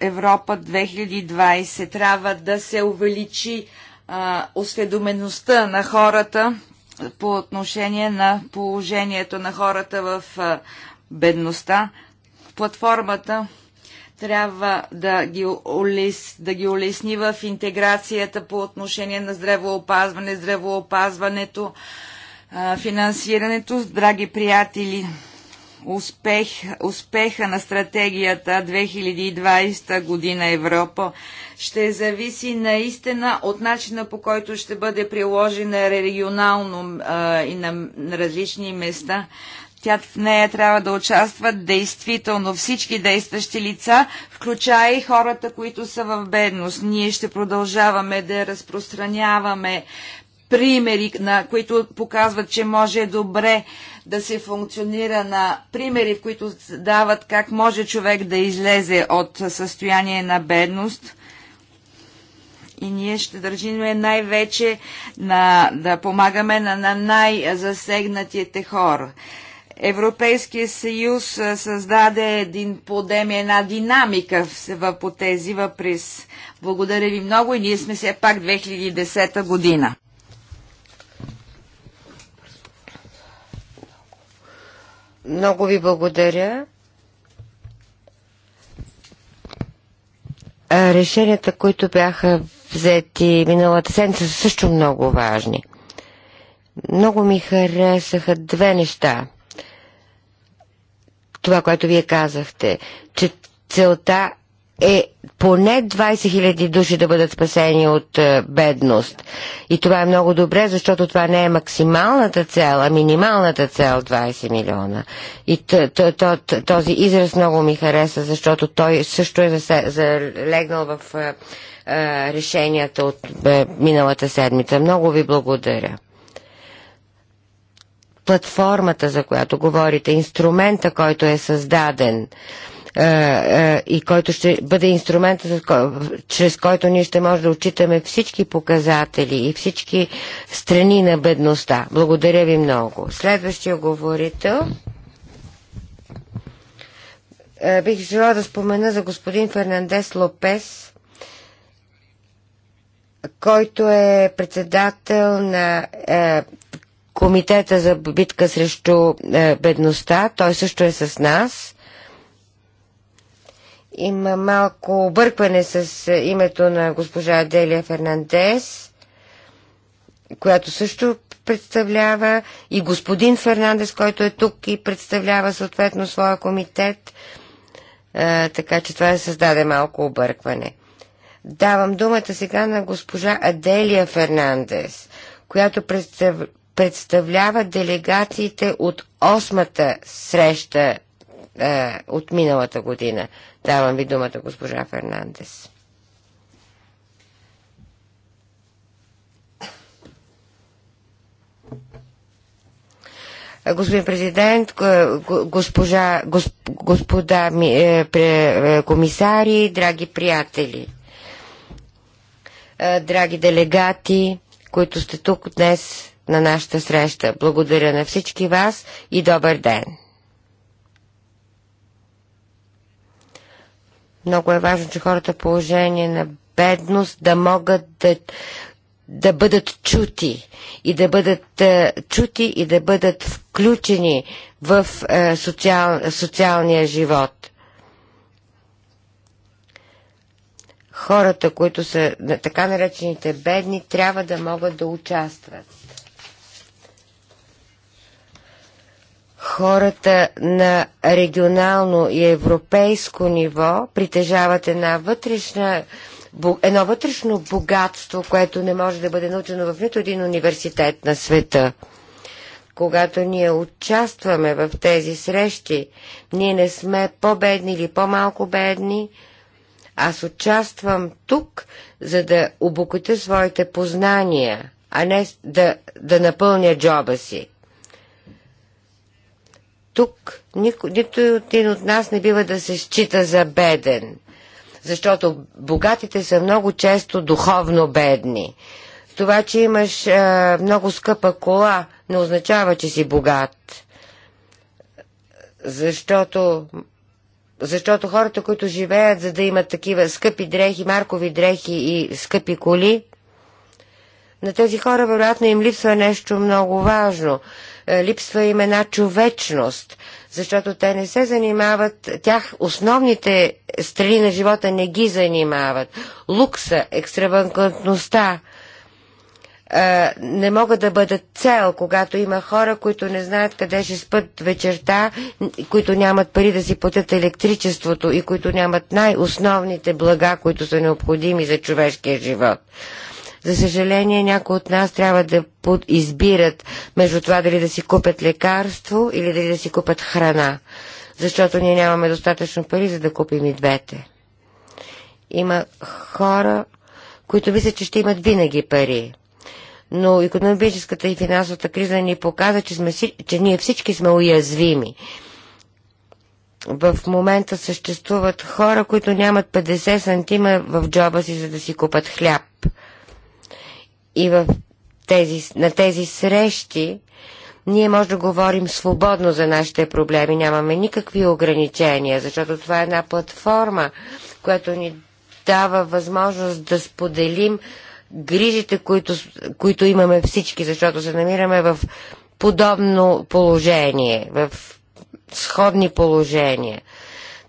Европа 2020. Трябва да се увеличи осведомеността на хората по отношение на положението на хората в бедността. Платформата трябва да ги, улес, да ги улесни в интеграцията по отношение на здравоопазване, здравоопазването, финансирането. Драги приятели, успех, успеха на стратегията 2020 година Европа ще зависи наистина от начина по който ще бъде приложена регионално а, и на различни места. Тя в нея трябва да участват действително всички действащи лица, включая и хората, които са в бедност. Ние ще продължаваме да разпространяваме примери, на които показват, че може добре да се функционира на примери, в които дават как може човек да излезе от състояние на бедност. И ние ще държим най-вече на, да помагаме на, на най-засегнатите хора. Европейския съюз създаде един подем, една динамика в, по тези въприс. Благодаря ви много и ние сме все пак 2010 година. Много ви благодаря. Решенията, които бяха взети миналата седмица, са също много важни. Много ми харесаха две неща – това, което вие казахте, че целта е поне 20 000 души да бъдат спасени от е, бедност. И това е много добре, защото това не е максималната цел, а минималната цел 20 милиона. И този израз много ми хареса, защото той също е залегнал в е, е, решенията от миналата седмица. Много ви благодаря платформата, за която говорите, инструмента, който е създаден е, е, и който ще бъде инструментът, чрез който ние ще може да отчитаме всички показатели и всички страни на бедността. Благодаря ви много. Следващия говорител. Е, бих желала да спомена за господин Фернандес Лопес, който е председател на Комитета за битка срещу е, бедността. Той също е с нас. Има малко объркване с е, името на госпожа Делия Фернандес, която също представлява и господин Фернандес, който е тук и представлява съответно своя комитет. Е, така че това създаде малко объркване. Давам думата сега на госпожа Аделия Фернандес, която представ представлява делегациите от осмата среща е, от миналата година. Давам ви думата, госпожа Фернандес. Господин президент, госпожа, господа е, е, комисари, драги приятели, е, драги делегати, които сте тук днес на нашата среща. Благодаря на всички вас и добър ден! Много е важно, че хората в положение на бедност да могат да, да бъдат чути и да бъдат е, чути и да бъдат включени в е, социал, социалния живот. Хората, които са така наречените бедни, трябва да могат да участват. хората на регионално и европейско ниво притежават една вътрешна едно вътрешно богатство, което не може да бъде научено в нито един университет на света. Когато ние участваме в тези срещи, ние не сме по-бедни или по-малко бедни. Аз участвам тук, за да обогатя своите познания, а не да, да напълня джоба си. Тук никой, нито един от нас не бива да се счита за беден, защото богатите са много често духовно бедни. Това, че имаш е, много скъпа кола, не означава, че си богат. Защото, защото хората, които живеят, за да имат такива скъпи дрехи, маркови дрехи и скъпи коли, на тези хора вероятно им липсва нещо много важно. Е, липсва им една човечност, защото те не се занимават, тях основните страни на живота не ги занимават. Лукса, екстравънкантността, е, не могат да бъдат цел, когато има хора, които не знаят къде ще спът вечерта, които нямат пари да си платят електричеството и които нямат най-основните блага, които са необходими за човешкия живот. За съжаление, някои от нас трябва да избират между това дали да си купят лекарство или дали да си купят храна, защото ние нямаме достатъчно пари, за да купим и двете. Има хора, които мислят, че ще имат винаги пари. Но економическата и финансовата криза ни показа, че, сме, че ние всички сме уязвими в момента съществуват хора, които нямат 50 сантима в джоба си, за да си купат хляб. И в тези, на тези срещи ние може да говорим свободно за нашите проблеми, нямаме никакви ограничения, защото това е една платформа, която ни дава възможност да споделим грижите, които, които имаме всички, защото се намираме в подобно положение, в сходни положения.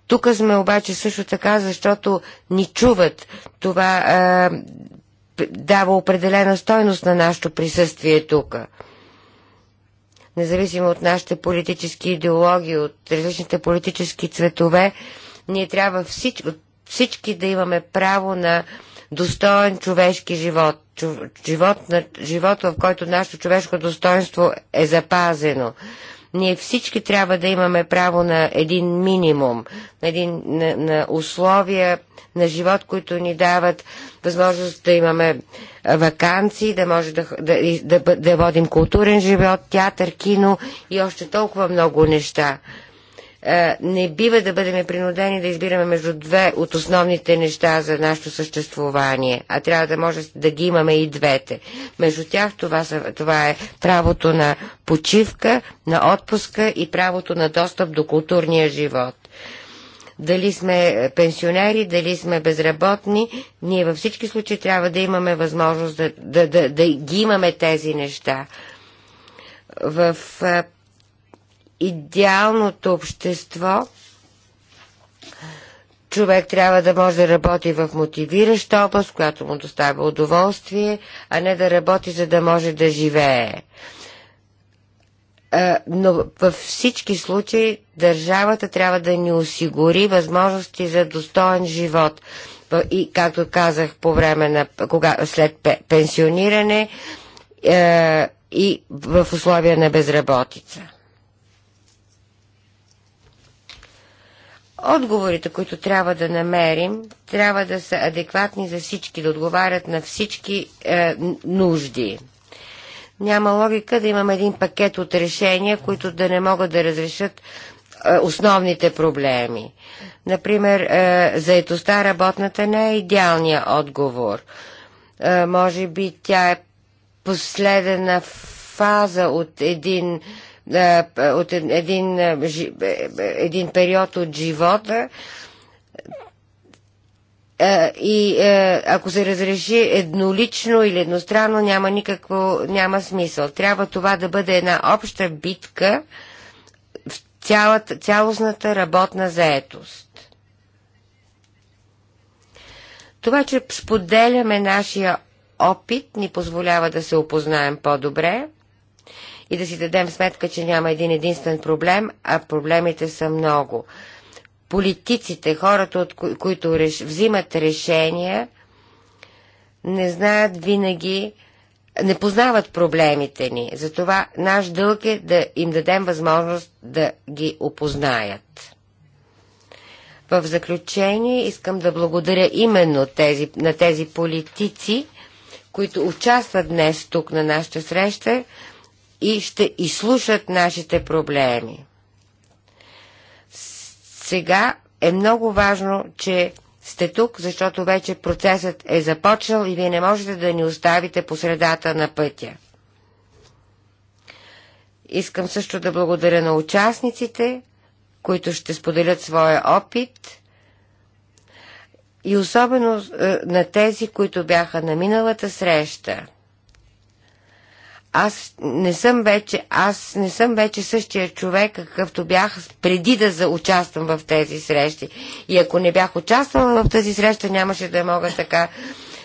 Тук сме обаче също така, защото ни чуват. Това е, дава определена стойност на нашето присъствие тук. Независимо от нашите политически идеологии, от различните политически цветове, ние трябва всички, всички да имаме право на достоен човешки живот. Живот, живот в който нашето човешко достоинство е запазено. Ние всички трябва да имаме право на един минимум, на, един, на, на условия на живот, които ни дават възможност да имаме вакансии, да може да, да, да, да водим културен живот, театър, кино и още толкова много неща. Е, не бива да бъдем принудени да избираме между две от основните неща за нашето съществуване, а трябва да може да ги имаме и двете. Между тях това, са, това е правото на почивка, на отпуска и правото на достъп до културния живот. Дали сме пенсионери, дали сме безработни, ние във всички случаи трябва да имаме възможност да, да, да, да ги имаме тези неща. В е, идеалното общество човек трябва да може да работи в мотивираща област, която му доставя удоволствие, а не да работи, за да може да живее. Но във всички случаи държавата трябва да ни осигури възможности за достоен живот. И, както казах, по време на, кога, след пенсиониране е, и в условия на безработица. Отговорите, които трябва да намерим, трябва да са адекватни за всички, да отговарят на всички е, нужди. Няма логика да имам един пакет от решения, които да не могат да разрешат е, основните проблеми. Например, е, заедостта работната не е идеалният отговор. Е, може би тя е последена фаза от един е, е, от един, е, е, един период от живота и ако се разреши еднолично или едностранно, няма никакво, няма смисъл. Трябва това да бъде една обща битка в цялата, цялостната работна заетост. Това, че споделяме нашия опит, ни позволява да се опознаем по-добре – и да си дадем сметка, че няма един единствен проблем, а проблемите са много. Политиците, хората, от кои, които реш, взимат решения, не знаят винаги, не познават проблемите ни. Затова наш дълг е да им дадем възможност да ги опознаят. В заключение искам да благодаря именно тези, на тези политици, които участват днес тук на нашата среща, и ще изслушат нашите проблеми. Сега е много важно, че сте тук, защото вече процесът е започнал и вие не можете да ни оставите по средата на пътя. Искам също да благодаря на участниците, които ще споделят своя опит и особено е, на тези, които бяха на миналата среща – аз не съм вече, аз не съм вече същия човек, какъвто бях преди да участвам в тези срещи. И ако не бях участвала в тази среща, нямаше да мога така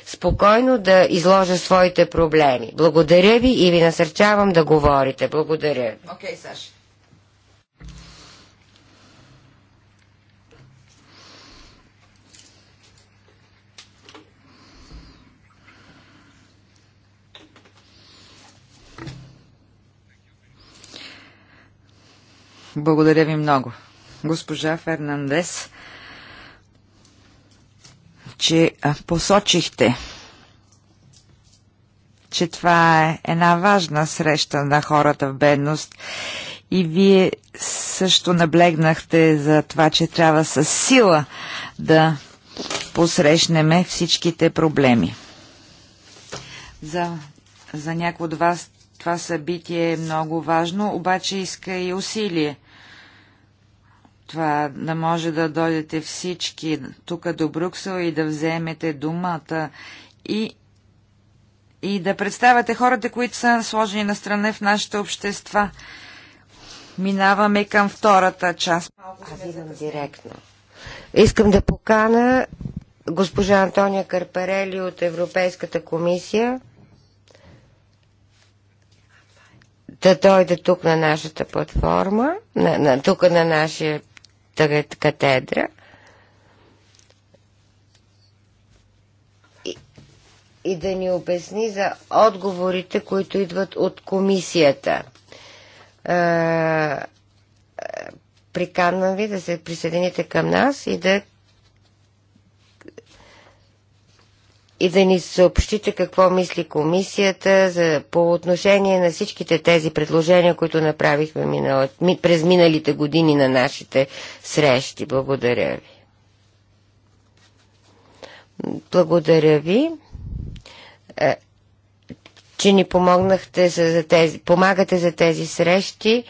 спокойно да изложа своите проблеми. Благодаря ви и ви насърчавам да говорите. Благодаря ви. Окей, okay, Саша. Благодаря ви много. Госпожа Фернандес, че посочихте, че това е една важна среща на хората в бедност и вие също наблегнахте за това, че трябва с сила да посрещнеме всичките проблеми. За, за някои от вас това събитие е много важно, обаче иска и усилие това да може да дойдете всички тук до Брюксел и да вземете думата и, и да представяте хората, които са сложени на страна в нашите общества. Минаваме към втората част. Аз идвам директно. Искам да покана госпожа Антония Карпарели от Европейската комисия да дойде тук на нашата платформа, на, на, тук на нашия катедра. И, и да ни обясни за отговорите, които идват от комисията. Приканвам ви да се присъедините към нас и да и да ни съобщите какво мисли комисията за, по отношение на всичките тези предложения, които направихме минал, ми, през миналите години на нашите срещи. Благодаря ви. Благодаря ви, е, че ни помогнахте за, за тези, помагате за тези срещи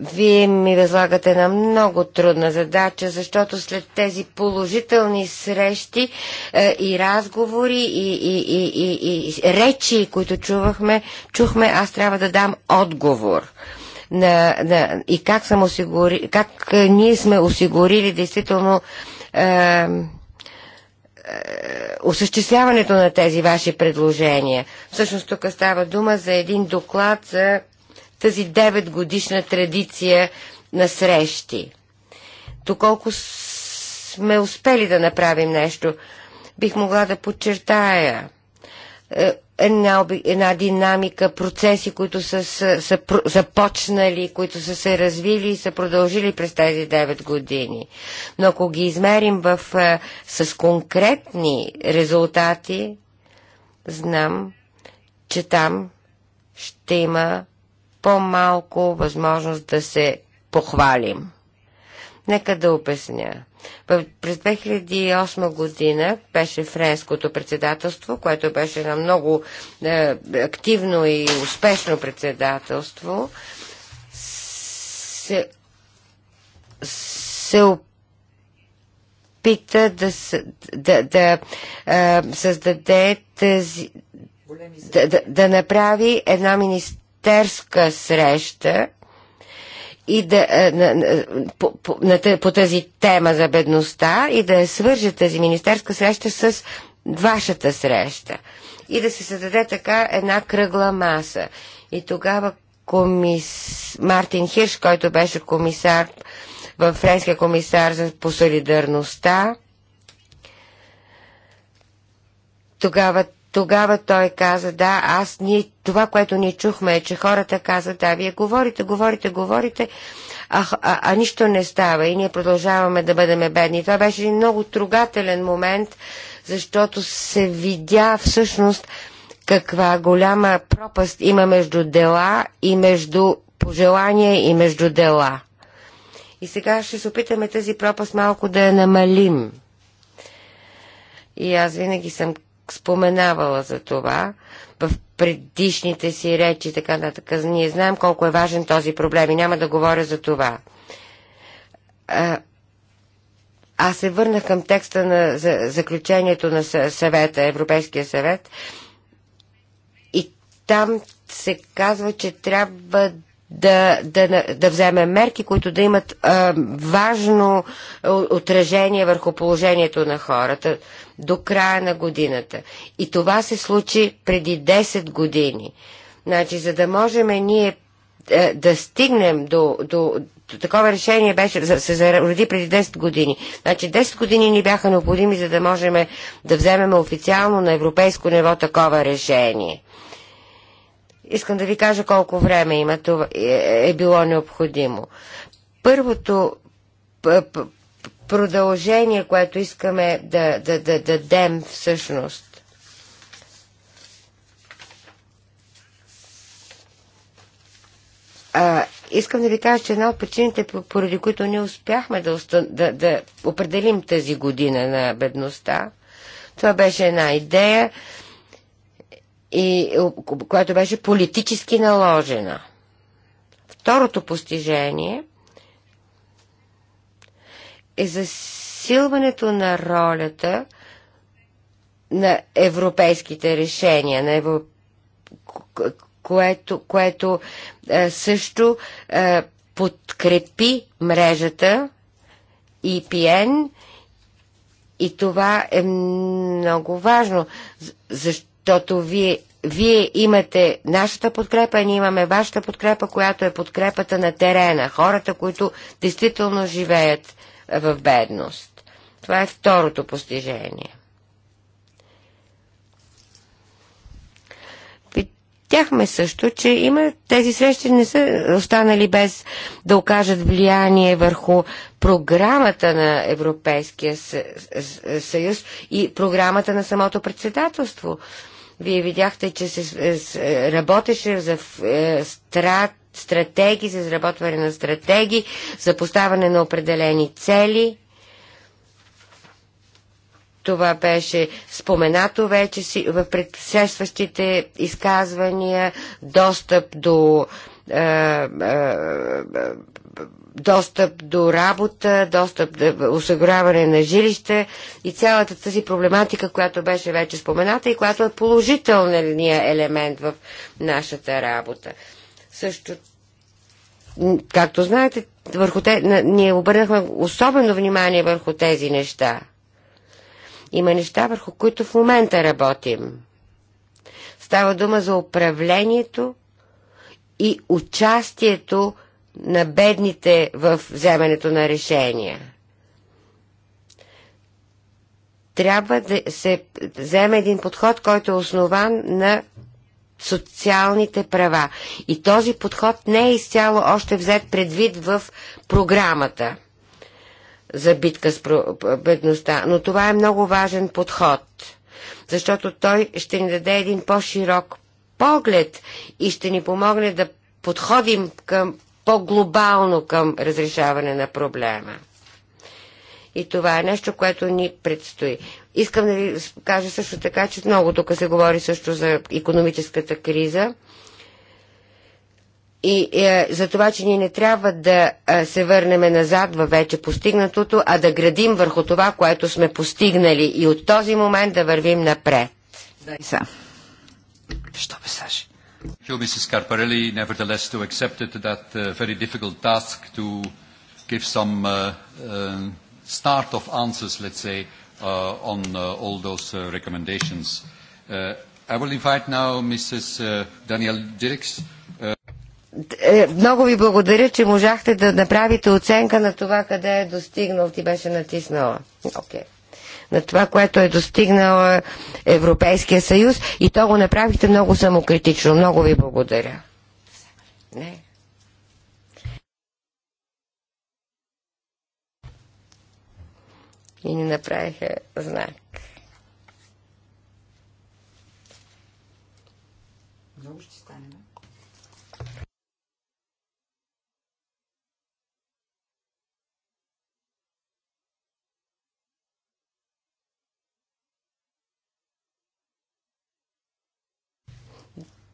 вие ми възлагате на много трудна задача, защото след тези положителни срещи е, и разговори и, и, и, и, и речи, които чувахме, чухме, аз трябва да дам отговор. На, на, и как, съм осигури, как е, ние сме осигурили действително е, е, осъществяването на тези ваши предложения. Всъщност тук става дума за един доклад за тази 9 годишна традиция на срещи. Доколко сме успели да направим нещо, бих могла да подчертая е, една, една динамика, процеси, които са, са, са започнали, които са се развили и са продължили през тези 9 години. Но ако ги измерим в, е, с конкретни резултати, знам, че там ще има по-малко възможност да се похвалим. Нека да обясня. През 2008 година беше френското председателство, което беше на много е, активно и успешно председателство. Се, се опита да, да, да е, създаде тези. Да, да, да направи една министерство министерска среща и да, е, на, на, по, по, по тази тема за бедността и да я свържа тази министерска среща с вашата среща и да се създаде така една кръгла маса. И тогава комис... Мартин Хирш, който беше комисар в френския комисар по солидарността, тогава тогава той каза, да, аз ние, това, което ние чухме е, че хората казват, да, вие говорите, говорите, говорите, а, а, а нищо не става и ние продължаваме да бъдем бедни. Това беше един много трогателен момент, защото се видя всъщност каква голяма пропаст има между дела и между пожелания и между дела. И сега ще се опитаме тази пропаст малко да я намалим. И аз винаги съм споменавала за това в предишните си речи, така нататък. Ние знаем колко е важен този проблем и няма да говоря за това. А, аз се върнах към текста на за, заключението на съвета, Европейския съвет, и там се казва, че трябва да, да, да вземе мерки, които да имат а, важно отражение върху положението на хората до края на годината. И това се случи преди 10 години. Значи, за да можем ние а, да стигнем до, до, до такова решение беше, се зароди преди 10 години. Значи 10 години ни бяха необходими, за да можем да вземем официално на европейско ниво такова решение. Искам да ви кажа колко време има, това е, е било необходимо. Първото продължение, което искаме да, да, да дадем всъщност, А, искам да ви кажа, че една от причините, поради които не успяхме да, остан... да, да определим тази година на бедността, това беше една идея, и е, която беше политически наложена. Второто постижение е засилването на ролята на европейските решения, на евро... което, което е, също е, подкрепи мрежата EPN и това е много важно, защото защото вие, вие имате нашата подкрепа, а ние имаме вашата подкрепа, която е подкрепата на терена, хората, които действително живеят е, в бедност. Това е второто постижение. Тяхме също, че има тези срещи не са останали без да окажат влияние върху програмата на Европейския съюз и програмата на самото председателство. Вие видяхте, че се е, е, работеше за е, страт, стратегии, за изработване на стратегии, за поставане на определени цели. Това беше споменато вече в предшестващите изказвания, достъп до достъп до работа, достъп до осигуряване на жилище и цялата тази проблематика, която беше вече спомената и която е положителният елемент в нашата работа. Също, както знаете, върху те, ние обърнахме особено внимание върху тези неща. Има неща, върху които в момента работим. Става дума за управлението и участието на бедните в вземането на решения. Трябва да се вземе един подход, който е основан на социалните права. И този подход не е изцяло още взет предвид в програмата за битка с бедността. Но това е много важен подход, защото той ще ни даде един по-широк поглед и ще ни помогне да подходим към по-глобално към разрешаване на проблема. И това е нещо, което ни предстои. Искам да ви кажа също така, че много тук се говори също за економическата криза. И е, за това, че ние не трябва да е, се върнем назад във вече постигнатото, а да градим върху това, което сме постигнали и от този момент да вървим напред. Дай са. Що бе, Саши? You, Mrs. Carparelli, nevertheless, to accept it, that uh, very difficult task to give some uh, uh, start of answers, let's say, uh, on uh, all those uh, recommendations. Uh, I will invite now Mrs. Uh, Danielle Dirks. много ви благодаря, че можахте да направите оценка на това къде е достигнал. Ти беше натиснала. Okay на това, което е достигнал е, Европейския съюз и то го направихте много самокритично. Много ви благодаря. Не. И ни направиха знак.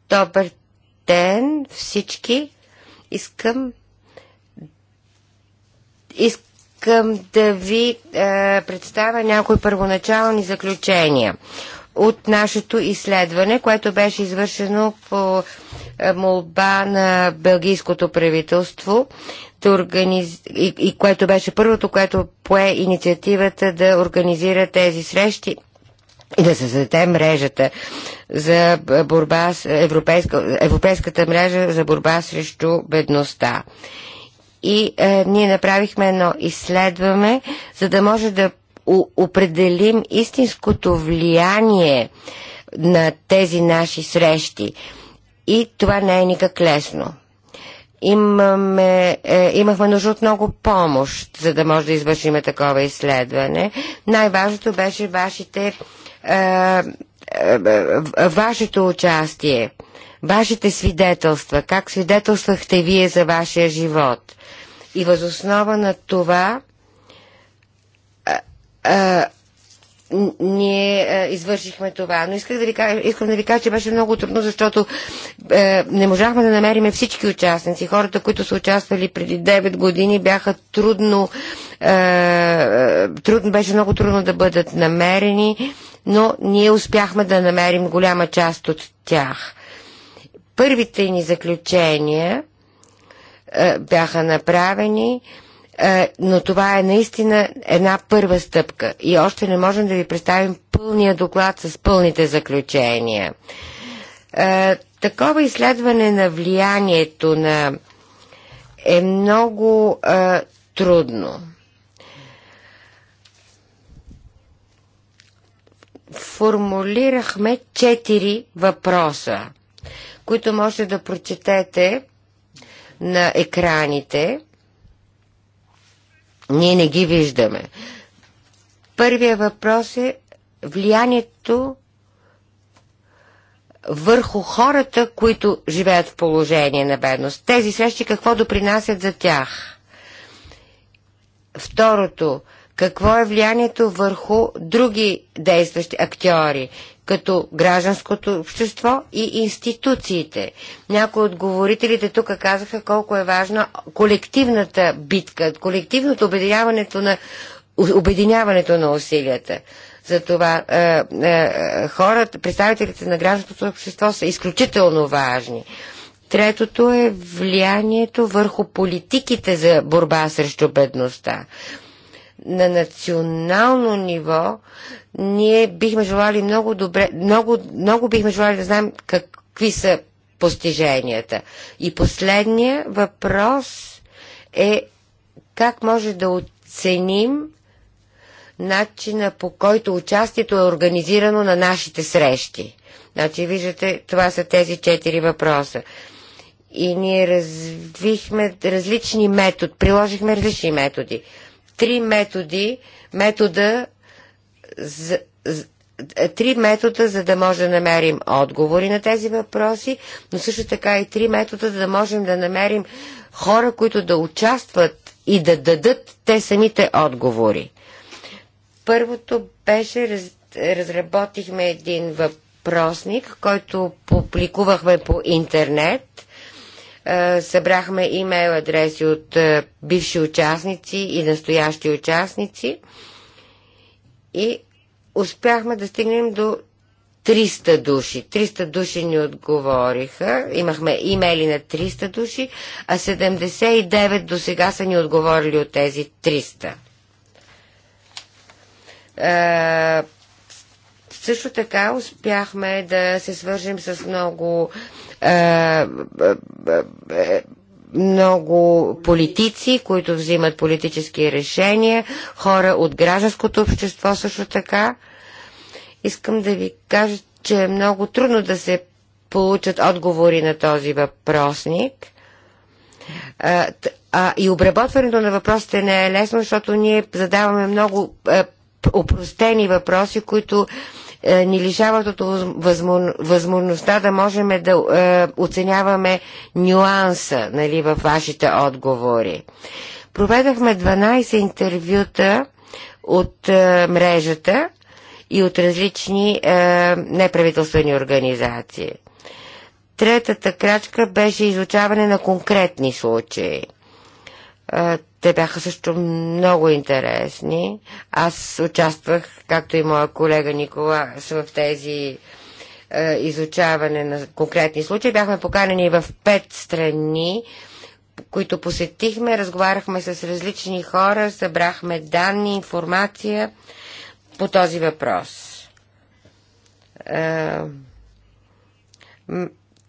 Добър ден всички. Искам искам да ви е, представя някои първоначални заключения от нашето изследване, което беше извършено по е, молба на бългийското правителство да организ... и, и което беше първото, което пое инициативата да организира тези срещи и да създаде мрежата за борба с европейска, европейската мрежа за борба срещу бедността. И е, ние направихме едно изследване, за да може да определим истинското влияние на тези наши срещи. И това не е никак лесно. Имаме, е, имахме нужда от много помощ, за да може да извършим такова изследване. Най-важното беше вашите е, е, вашето участие, вашите свидетелства, как свидетелствахте вие за вашия живот. И възоснова на това а, е, а, ние а, извършихме това. Но исках да ви, искам да ви кажа, че беше много трудно, защото е, не можахме да намериме всички участници. Хората, които са участвали преди 9 години, бяха трудно, е, трудно беше много трудно да бъдат намерени но ние успяхме да намерим голяма част от тях. Първите ни заключения е, бяха направени, е, но това е наистина една първа стъпка и още не можем да ви представим пълния доклад с пълните заключения. Е, такова изследване на влиянието на е много е, трудно. формулирахме четири въпроса, които може да прочетете на екраните. Ние не ги виждаме. Първия въпрос е влиянието върху хората, които живеят в положение на бедност. Тези срещи какво допринасят за тях? Второто – какво е влиянието върху други действащи актьори, като гражданското общество и институциите. Някои от говорителите тук казаха колко е важна колективната битка, колективното обединяването на, обединяването на усилията. Затова е, е, хората, представителите на гражданското общество са изключително важни. Третото е влиянието върху политиките за борба срещу бедността на национално ниво ние бихме желали много добре, много, много бихме желали да знаем какви са постиженията. И последния въпрос е как може да оценим начина по който участието е организирано на нашите срещи. Значи, виждате, това са тези четири въпроса. И ние развихме различни методи, приложихме различни методи три методи, метода за, е, три метода, за да може да намерим отговори на тези въпроси, но също така и три метода, за да можем да намерим хора, които да участват и да дадат те самите отговори. Първото беше, раз, разработихме един въпросник, който публикувахме по интернет е, събрахме имейл адреси от е, бивши участници и настоящи участници и успяхме да стигнем до 300 души. 300 души ни отговориха. Имахме имейли на 300 души, а 79 до сега са ни отговорили от тези 300. А, е, също така успяхме да се свържим с много е, е, е, много политици, които взимат политически решения, хора от гражданското общество също така. Искам да ви кажа, че е много трудно да се получат отговори на този въпросник. А, и обработването на въпросите не е лесно, защото ние задаваме много опростени упростени въпроси, които е, ни лишават от възможността да можем да е, оценяваме нюанса нали, в вашите отговори. Проведахме 12 интервюта от е, мрежата и от различни неправителствени организации. Третата крачка беше изучаване на конкретни случаи. Те бяха също много интересни. Аз участвах, както и моя колега Никола, в тези е, изучаване на конкретни случаи. Бяхме поканени в пет страни, които посетихме, разговаряхме с различни хора, събрахме данни, информация по този въпрос. Е,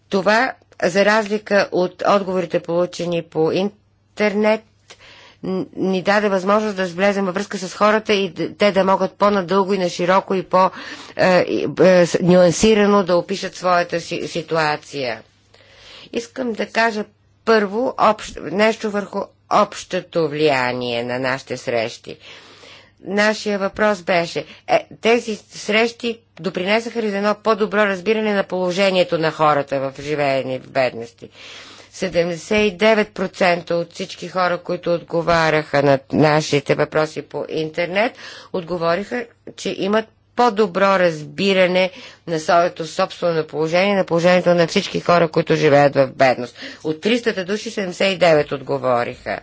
това, за разлика от отговорите получени по интернет, интернет ни даде възможност да влезем във връзка с хората и те да могат по-надълго и на широко и по-нюансирано е, е, да опишат своята си, ситуация. Искам да кажа първо общ, нещо върху общото влияние на нашите срещи. Нашия въпрос беше, е, тези срещи допринесаха ли за едно по-добро разбиране на положението на хората в живеене в бедности? 79% от всички хора, които отговаряха на нашите въпроси по интернет, отговориха, че имат по-добро разбиране на своето собствено положение, на положението на всички хора, които живеят в бедност. От 300 души 79 отговориха.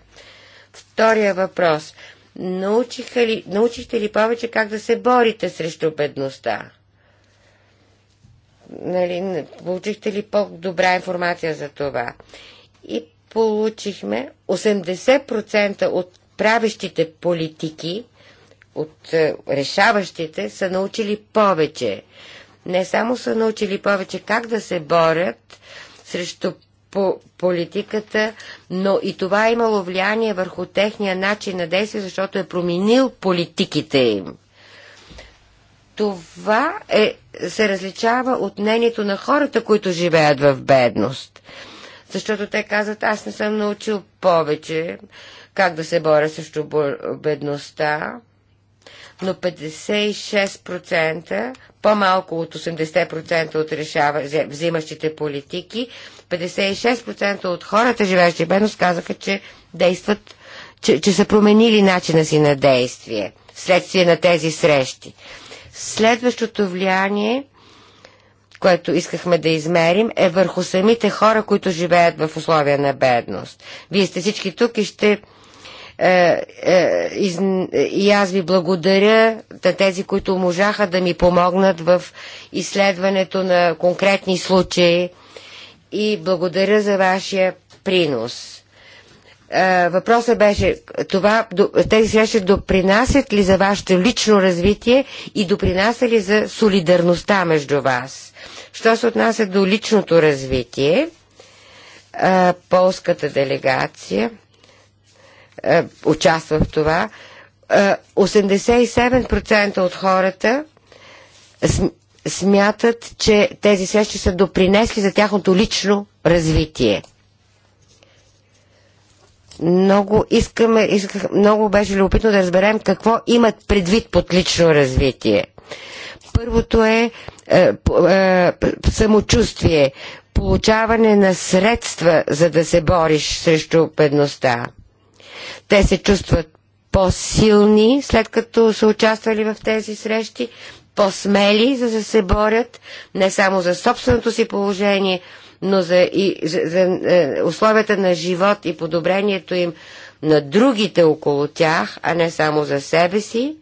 Втория въпрос. Научиха ли, научихте ли повече как да се борите срещу бедността? нали, получихте ли по-добра информация за това? И получихме 80% от правещите политики, от е, решаващите, са научили повече. Не само са научили повече как да се борят срещу по политиката, но и това е имало влияние върху техния начин на действие, защото е променил политиките им това е, се различава от мнението на хората, които живеят в бедност. Защото те казват, аз не съм научил повече как да се боря срещу бедността, но 56%, по-малко от 80% от решава, взимащите политики, 56% от хората, живеещи в бедност, казаха, че действат, че, че са променили начина си на действие вследствие на тези срещи. Следващото влияние, което искахме да измерим, е върху самите хора, които живеят в условия на бедност. Вие сте всички тук и ще е, е, и аз ви благодаря на тези, които можаха да ми помогнат в изследването на конкретни случаи и благодаря за вашия принос въпросът беше това, тези срещи допринасят ли за вашето лично развитие и допринася ли за солидарността между вас? Що се отнася до личното развитие, полската делегация участва в това. 87% от хората смятат, че тези срещи са допринесли за тяхното лично развитие. Много, искаме, исках, много беше любопитно да разберем какво имат предвид под лично развитие. Първото е, е, е самочувствие, получаване на средства, за да се бориш срещу бедността. Те се чувстват по-силни, след като са участвали в тези срещи, по-смели, за да се борят не само за собственото си положение, но за, и, за е, условията на живот и подобрението им на другите около тях, а не само за себе си.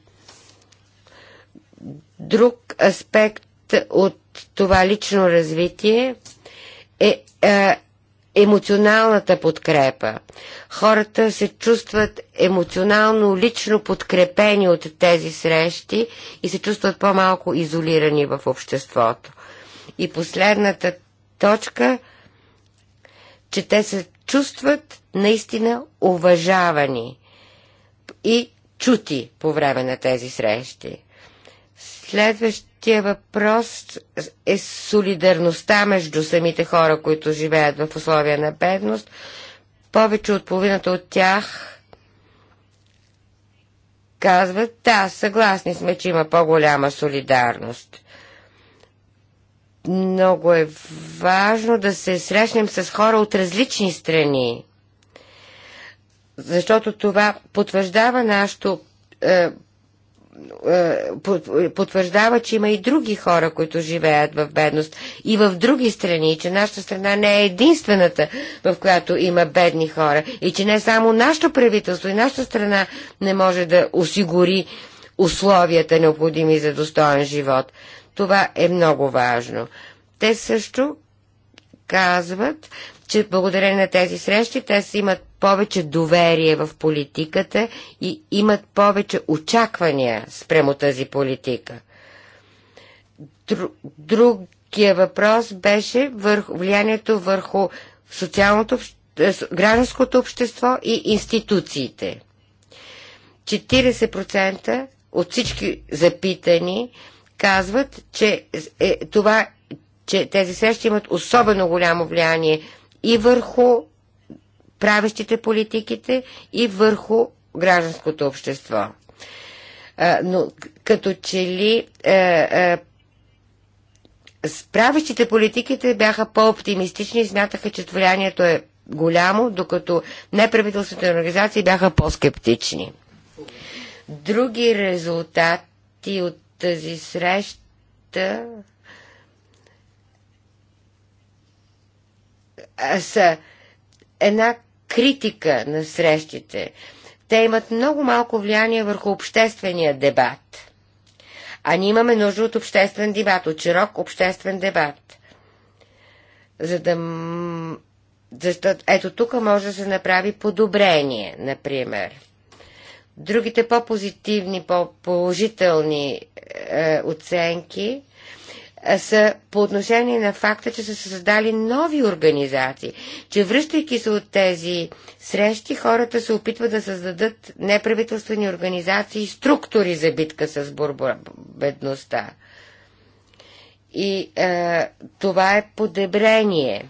Друг аспект от това лично развитие е, е емоционалната подкрепа. Хората се чувстват емоционално, лично подкрепени от тези срещи и се чувстват по-малко изолирани в обществото. И последната точка, че те се чувстват наистина уважавани и чути по време на тези срещи. Следващия въпрос е солидарността между самите хора, които живеят в условия на бедност. Повече от половината от тях казват, да, съгласни сме, че има по-голяма солидарност. Много е важно да се срещнем с хора от различни страни, защото това потвърждава нашето е, е, потвърждава, че има и други хора, които живеят в бедност и в други страни, че нашата страна не е единствената, в която има бедни хора и че не само нашето правителство и нашата страна не може да осигури условията необходими за достоен живот. Това е много важно. Те също казват, че благодарение на тези срещи те си имат повече доверие в политиката и имат повече очаквания спрямо тази политика. другия въпрос беше върху, влиянието върху социалното, е, гражданското общество и институциите. 40% от всички запитани казват, че, е, това, че тези срещи имат особено голямо влияние и върху правещите политиките, и върху гражданското общество. А, но като че ли а, е, а, е, правещите политиките бяха по-оптимистични и смятаха, че влиянието е голямо, докато неправителствените организации бяха по-скептични. Други резултати от тази среща са една критика на срещите. Те имат много малко влияние върху обществения дебат. А ние имаме нужда от обществен дебат, от широк обществен дебат. За да... Защото ето тук може да се направи подобрение, например. Другите по-позитивни, по-положителни е, оценки е, са по отношение на факта, че са създали нови организации, че връщайки се от тези срещи, хората се опитват да създадат неправителствени организации и структури за битка с бедността. И е, това е подебрение.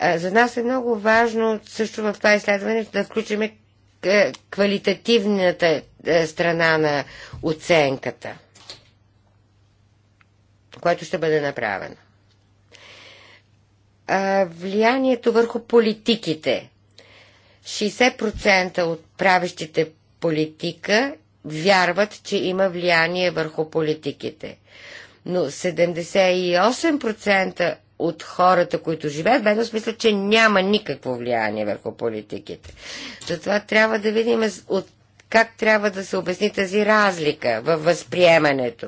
Е, за нас е много важно също в това изследване да включим. Е, квалитативната е, страна на оценката, което ще бъде направено. Влиянието върху политиките. 60% от правещите политика вярват, че има влияние върху политиките. Но 78% от хората, които живеят, бедно смисля, че няма никакво влияние върху политиките. Затова трябва да видим от как трябва да се обясни тази разлика във възприемането.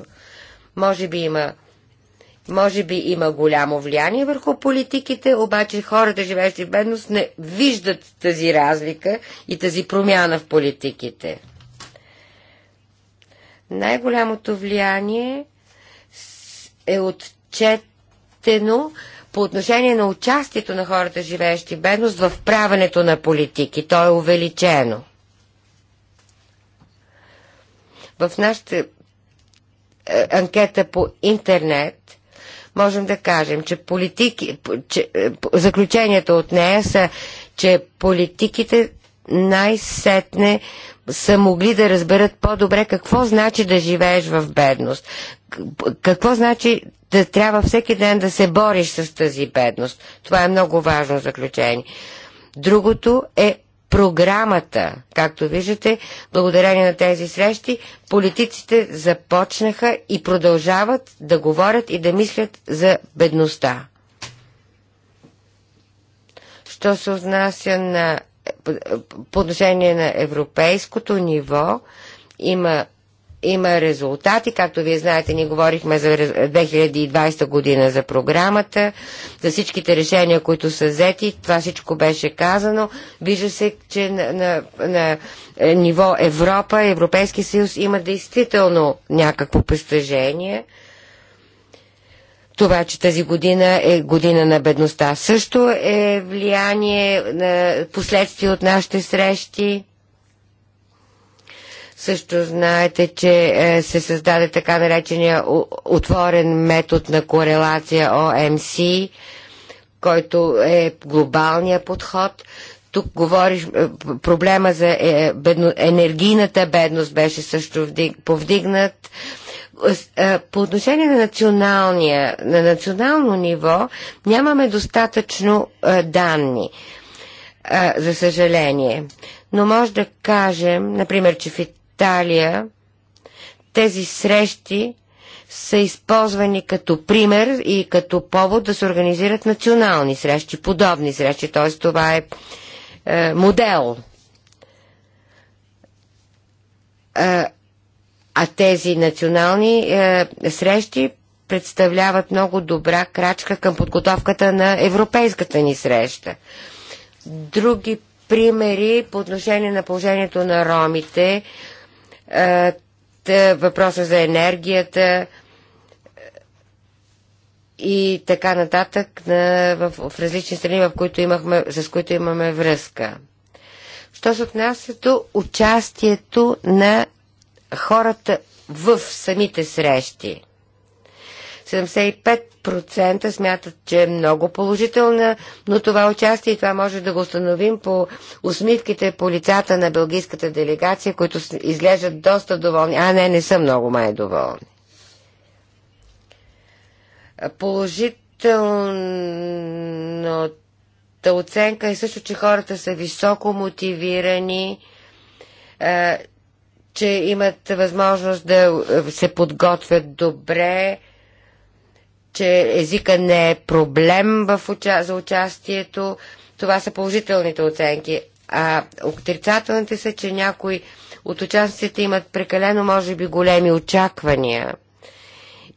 Може би има може би има голямо влияние върху политиките, обаче хората, живеещи в бедност, не виждат тази разлика и тази промяна в политиките. Най-голямото влияние е отчет естествено, по отношение на участието на хората, живеещи бедност, в правенето на политики. То е увеличено. В нашата е, анкета по интернет можем да кажем, че, политики, че е, заключението от нея са, че политиките най-сетне са могли да разберат по-добре какво значи да живееш в бедност. Какво значи да трябва всеки ден да се бориш с тази бедност. Това е много важно заключение. Другото е програмата. Както виждате, благодарение на тези срещи, политиците започнаха и продължават да говорят и да мислят за бедността. Що се отнася на по отношение на европейското ниво има, има резултати. Както вие знаете, ние говорихме за 2020 година за програмата, за всичките решения, които са взети. Това всичко беше казано. Вижда се, че на, на, на ниво Европа, Европейски съюз има действително някакво постижение. Това, че тази година е година на бедността, също е влияние на е, последствие от нашите срещи. Също знаете, че е, се създаде така наречения отворен метод на корелация ОМС, който е глобалния подход. Тук говориш, е, проблема за енергийната бедност беше също повдигнат. Е, по отношение на, националния, на национално ниво нямаме достатъчно е, данни, е, за съжаление. Но може да кажем, например, че в Италия тези срещи са използвани като пример и като повод да се организират национални срещи, подобни срещи, т.е. това е, е модел. Е, а тези национални е, срещи представляват много добра крачка към подготовката на европейската ни среща. Други примери по отношение на положението на ромите, е, тъ, въпроса за енергията е, и така нататък на, в, в различни страни, в които имахме, с които имаме връзка. Що се отнася до участието на хората в самите срещи. 75% смятат, че е много положителна, но това участие и това може да го установим по усмивките по лицата на белгийската делегация, които изглеждат доста доволни. А, не, не са много май доволни. Положителната оценка е също, че хората са високо мотивирани, е, че имат възможност да се подготвят добре, че езика не е проблем в уча... за участието. Това са положителните оценки. А отрицателните са, че някои от участниците имат прекалено, може би, големи очаквания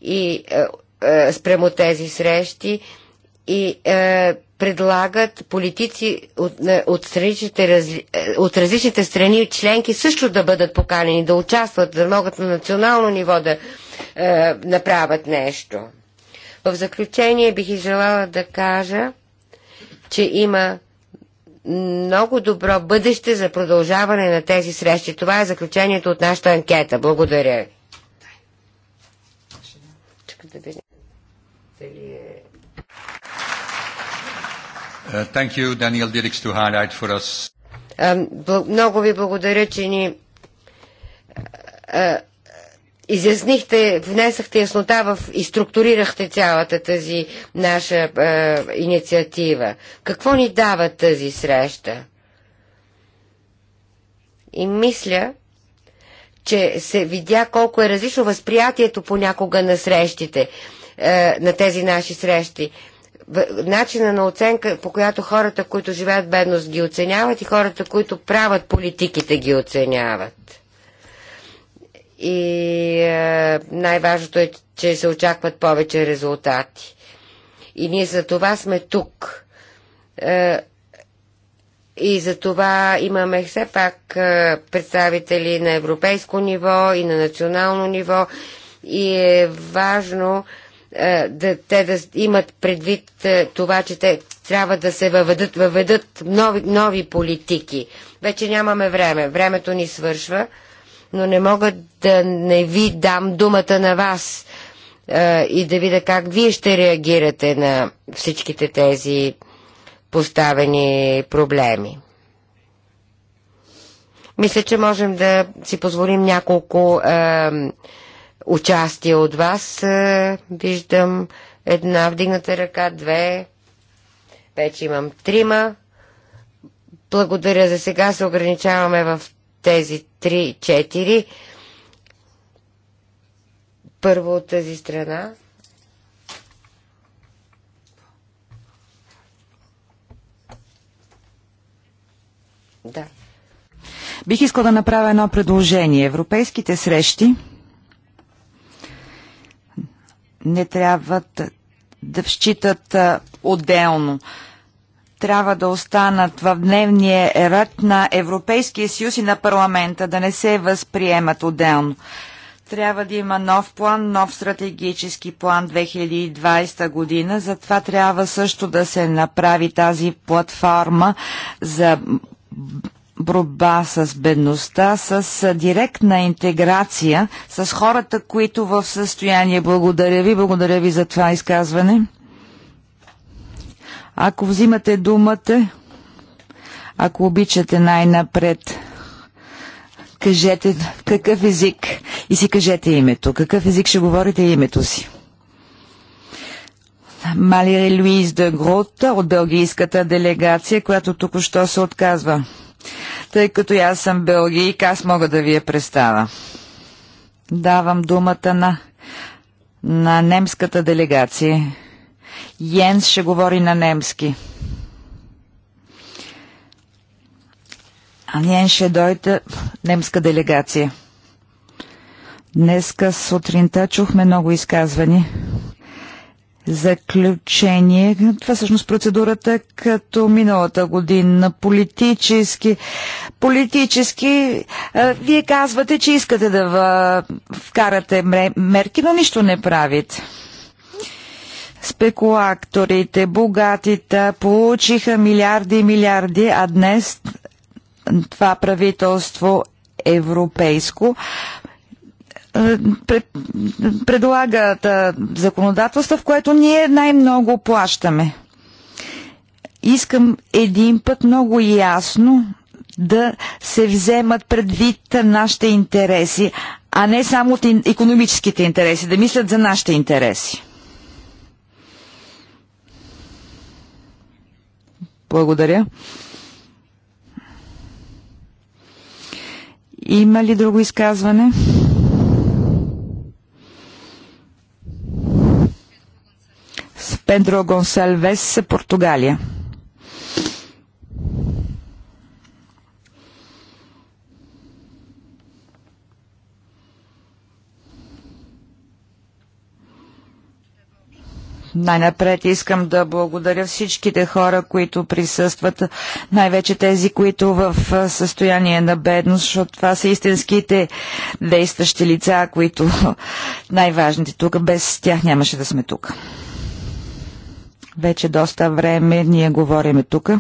и е, е, спрямо тези срещи и е, предлагат политици от, от, страните, е, от различните страни членки също да бъдат поканени, да участват, да могат на национално ниво да е, направят нещо. В заключение бих и желала да кажа, че има много добро бъдеще за продължаване на тези срещи. Това е заключението от нашата анкета. Благодаря ви. Дали е Uh, thank you, Daniel Dirks, to highlight for us. Много ви благодаря, че ни изяснихте, внесахте яснота в и структурирахте цялата тази наша е, инициатива. Какво ни дава тази среща? И мисля, че се видя колко е различно възприятието понякога на срещите, е, на тези наши срещи начина на оценка, по която хората, които живеят бедност, ги оценяват и хората, които правят политиките, ги оценяват. И е, най-важното е, че се очакват повече резултати. И ние за това сме тук. Е, и за това имаме все пак е, представители на европейско ниво и на национално ниво. И е важно е, е, да, те да имат предвид е, това, че те трябва да се въведат, въведат нови, нови политики. Вече нямаме време. Времето ни свършва, но не мога да не ви дам думата на вас е, и да видя как вие ще реагирате на всичките тези поставени проблеми. Мисля, че можем да си позволим няколко е, участие от вас. Е, виждам една вдигната ръка, две. Вече имам трима. Благодаря за сега. Се ограничаваме в тези три-четири. Първо от тази страна. Да. Бих искал да направя едно предложение. Европейските срещи не трябва да считат отделно. Трябва да останат в дневния ред на Европейския съюз и на парламента, да не се възприемат отделно. Трябва да има нов план, нов стратегически план 2020 година. Затова трябва също да се направи тази платформа за борба с бедността, с директна интеграция с хората, които в състояние. Благодаря ви, благодаря ви за това изказване. Ако взимате думата, ако обичате най-напред, кажете какъв език и си кажете името. Какъв език ще говорите името си? Малия Луиз де от белгийската делегация, която току-що се отказва. Тъй като аз съм белгийк, аз мога да ви я представя. Давам думата на, на немската делегация. Йенс ще говори на немски. А Йенс ще дойде немска делегация. Днеска сутринта чухме много изказвани заключение. Това е всъщност процедурата като миналата година политически. Политически вие казвате, че искате да вкарате мерки, но нищо не правите. Спекулакторите, богатите получиха милиарди и милиарди, а днес това правителство европейско е, пред, предлагат законодателство, в което ние най-много плащаме. Искам един път много ясно да се вземат предвид нашите интереси, а не само от економическите интереси, да мислят за нашите интереси. Благодаря. Има ли друго изказване? Pedro Gonçalves, Португалия. Най-напред искам да благодаря всичките хора, които присъстват, най-вече тези, които в състояние на бедност, защото това са истинските действащи лица, които най-важните тук. Без тях нямаше да сме тук. Вече доста време ние говориме тук.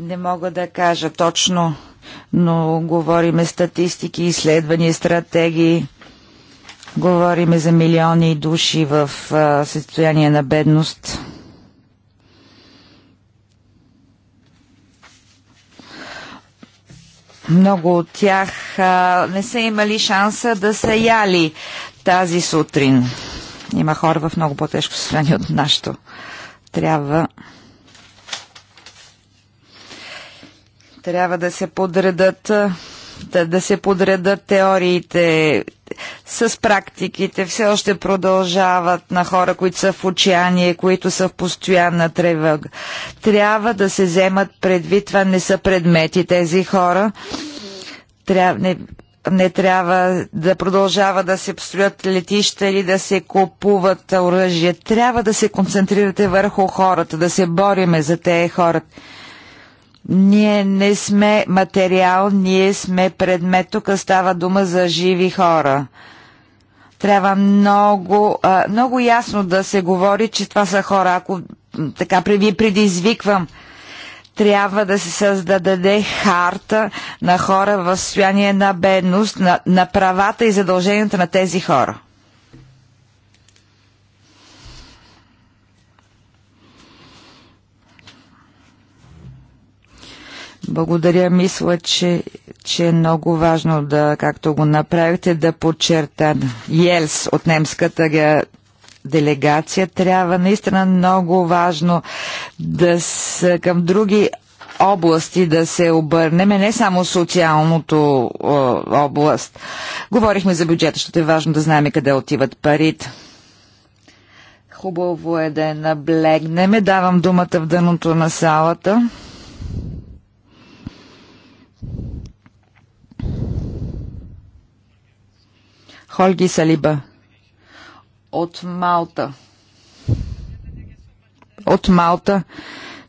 Не мога да кажа точно, но говориме статистики, изследвания, стратегии. Говориме за милиони души в състояние на бедност. Много от тях а, не са имали шанса да са яли тази сутрин. Има хора в много по-тежко състояние от нашето. Трябва трябва да се подредат да, да се подредат теориите с практиките, все още продължават на хора, които са в отчаяние, които са в постоянна тревога. Трябва да се вземат предвид, това не са предмети тези хора. Трябва, не, не трябва да продължава да се построят летища или да се купуват оръжие. Трябва да се концентрирате върху хората, да се бориме за тези хора. Ние не сме материал, ние сме предмет. Тук става дума за живи хора. Трябва много, много ясно да се говори, че това са хора. Ако така ви предизвиквам, трябва да се създаде харта на хора в състояние на бедност, на, на правата и задълженията на тези хора. Благодаря. Мисля, че, че е много важно да, както го направите, да подчертам Елс от немската делегация трябва наистина много важно да с, към други области да се обърнеме, не само социалното о, област. Говорихме за бюджета, защото е важно да знаем къде отиват парите. Хубаво е да я наблегнеме. Давам думата в дъното на салата. Холги Салиба от Малта. От Малта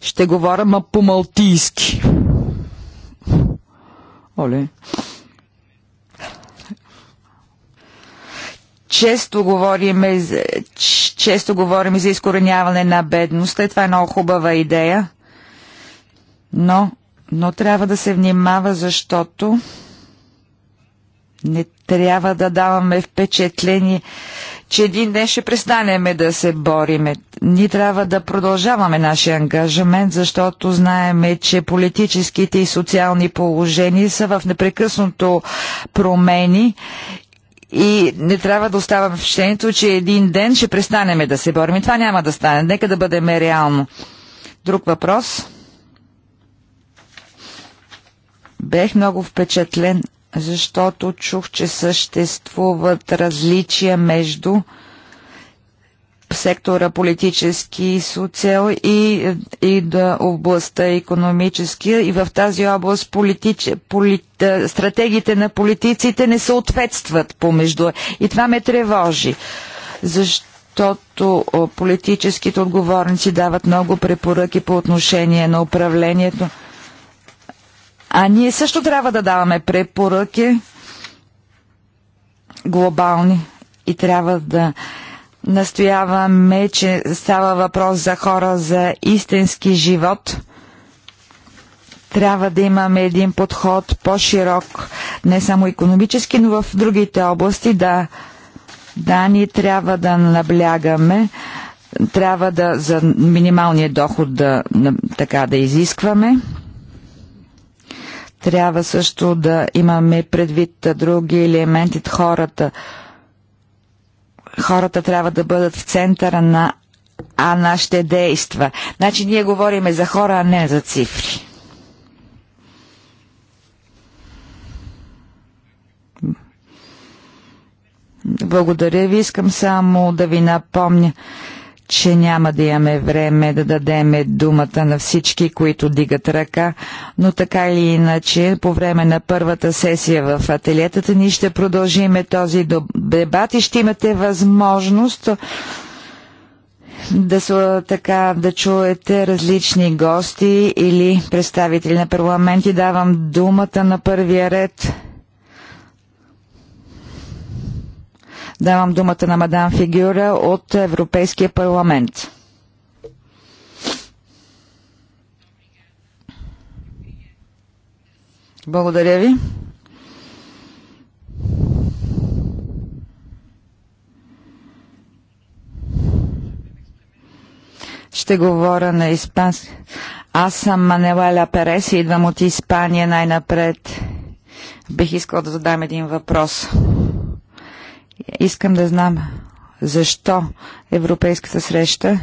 ще говоря ма по-малтийски. Оле. Често говорим, често говорим за изкореняване на бедността и това е много хубава идея. Но, но трябва да се внимава, защото не трябва да даваме впечатление, че един ден ще престанеме да се бориме. Ние трябва да продължаваме нашия ангажамент, защото знаеме, че политическите и социални положения са в непрекъснато промени и не трябва да оставаме впечатлението, че един ден ще престанеме да се бориме. това няма да стане. Нека да бъдем реално. Друг въпрос? Бех много впечатлен защото чух, че съществуват различия между сектора политически социал и, и да областта економически. И в тази област политич, полит, е, стратегиите на политиците не съответстват помежду. И това ме тревожи, защото политическите отговорници дават много препоръки по отношение на управлението а ние също трябва да даваме препоръки глобални и трябва да настояваме, че става въпрос за хора за истински живот. Трябва да имаме един подход по-широк, не само економически, но в другите области да, да ни трябва да наблягаме, трябва да за минималния доход да, така да изискваме. Трябва също да имаме предвид други елементи от хората. Хората трябва да бъдат в центъра на а нашите действа. Значи ние говориме за хора, а не за цифри. Благодаря ви. Искам само да ви напомня, че няма да имаме време да дадеме думата на всички, които дигат ръка, но така или иначе, по време на първата сесия в ателиетата ни ще продължиме този дебат и ще имате възможност да, са, така, да чуете различни гости или представители на парламенти. Давам думата на първия ред. Давам думата на мадам Фигюра от Европейския парламент. Благодаря ви. Ще говоря на испански. Аз съм Манелаля Перес и идвам от Испания най-напред. Бих искал да задам един въпрос. Въпрос. Искам да знам защо европейската среща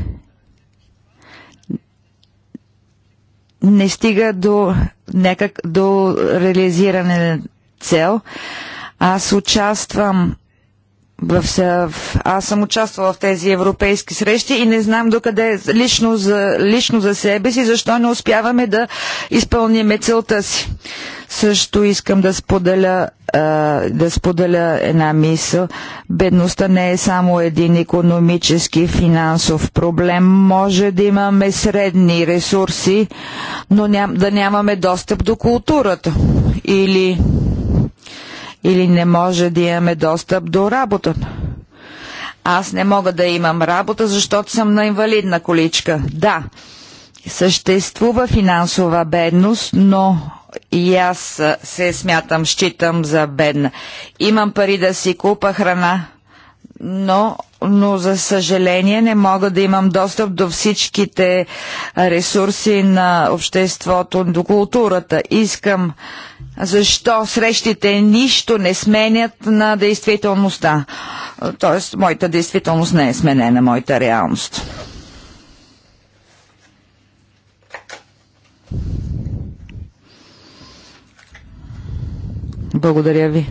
не стига до, някак, до реализиране на цел. Аз участвам в, аз съм участвала в тези европейски срещи и не знам докъде е лично за, лично за себе си, защо не успяваме да изпълним целта си. Също искам да споделя, а, да споделя една мисъл. Бедността не е само един економически финансов проблем. Може да имаме средни ресурси, но ням, да нямаме достъп до културата. Или или не може да имаме достъп до работата. Аз не мога да имам работа, защото съм на инвалидна количка. Да, съществува финансова бедност, но и аз се смятам, считам за бедна. Имам пари да си купа храна, но но за съжаление не мога да имам достъп до всичките ресурси на обществото, до културата. Искам защо срещите нищо не сменят на действителността. Тоест, моята действителност не е сменена, моята реалност. Благодаря ви.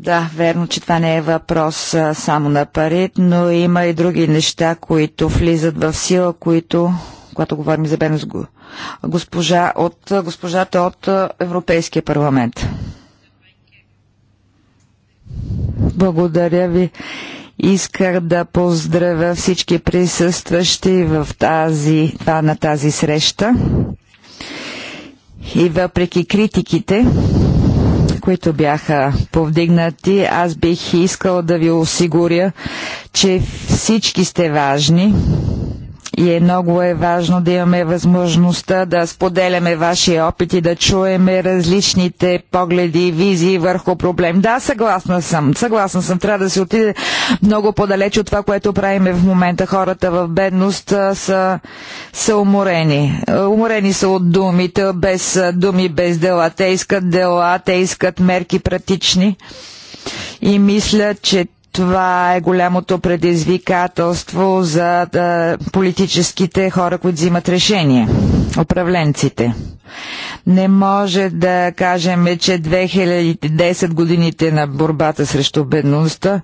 Да, верно, че това не е въпрос а, само на пари, но има и други неща, които влизат в сила, които, когато говорим за бедност, госпожа от, госпожата от Европейския парламент. Благодаря ви. Исках да поздравя всички присъстващи в тази, това на тази среща. И въпреки критиките, които бяха повдигнати. Аз бих искал да ви осигуря, че всички сте важни и е много е важно да имаме възможността да споделяме вашия опит и да чуеме различните погледи и визии върху проблем. Да, съгласна съм. Съгласна съм. Трябва да се отиде много по-далеч от това, което правиме в момента. Хората в бедност са, са уморени. Уморени са от думите, без думи, без дела. Те искат дела, те искат мерки практични. И мисля, че това е голямото предизвикателство за да, политическите хора, които взимат решения, управленците. Не може да кажем, че 2010 годините на борбата срещу бедността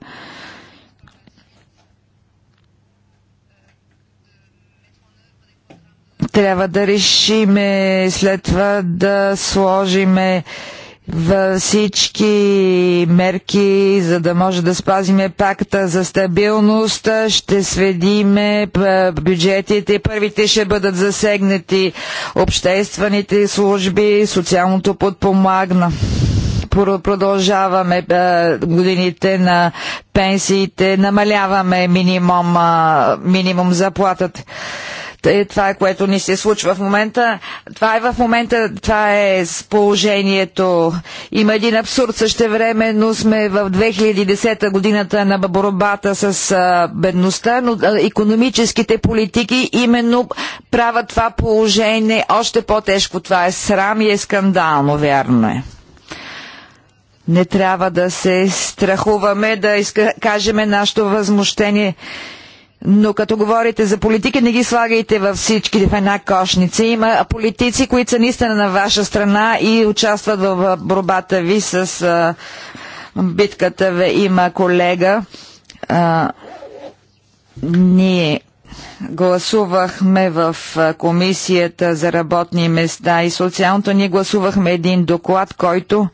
трябва да решиме след това да сложиме всички мерки, за да може да спазиме пакта за стабилност. Ще сведиме е, бюджетите. Първите ще бъдат засегнати обществените служби, социалното подпомагна. Продължаваме е, годините на пенсиите, намаляваме минимум, е, минимум заплатата. Е, това е което ни се случва в момента. Това е в момента, това е с положението. Има един абсурд също време, но сме в 2010 годината на борбата с бедността, но економическите политики именно правят това положение още по-тежко. Това е срам и е скандално, вярно е. Не трябва да се страхуваме да кажеме нашето възмущение. Но като говорите за политика, не ги слагайте във всички в една кошница. Има политици, които са наистина на ваша страна и участват в борбата ви с битката. Ви. Има колега. А, ние гласувахме в комисията за работни места и социалното, ние гласувахме един доклад, който,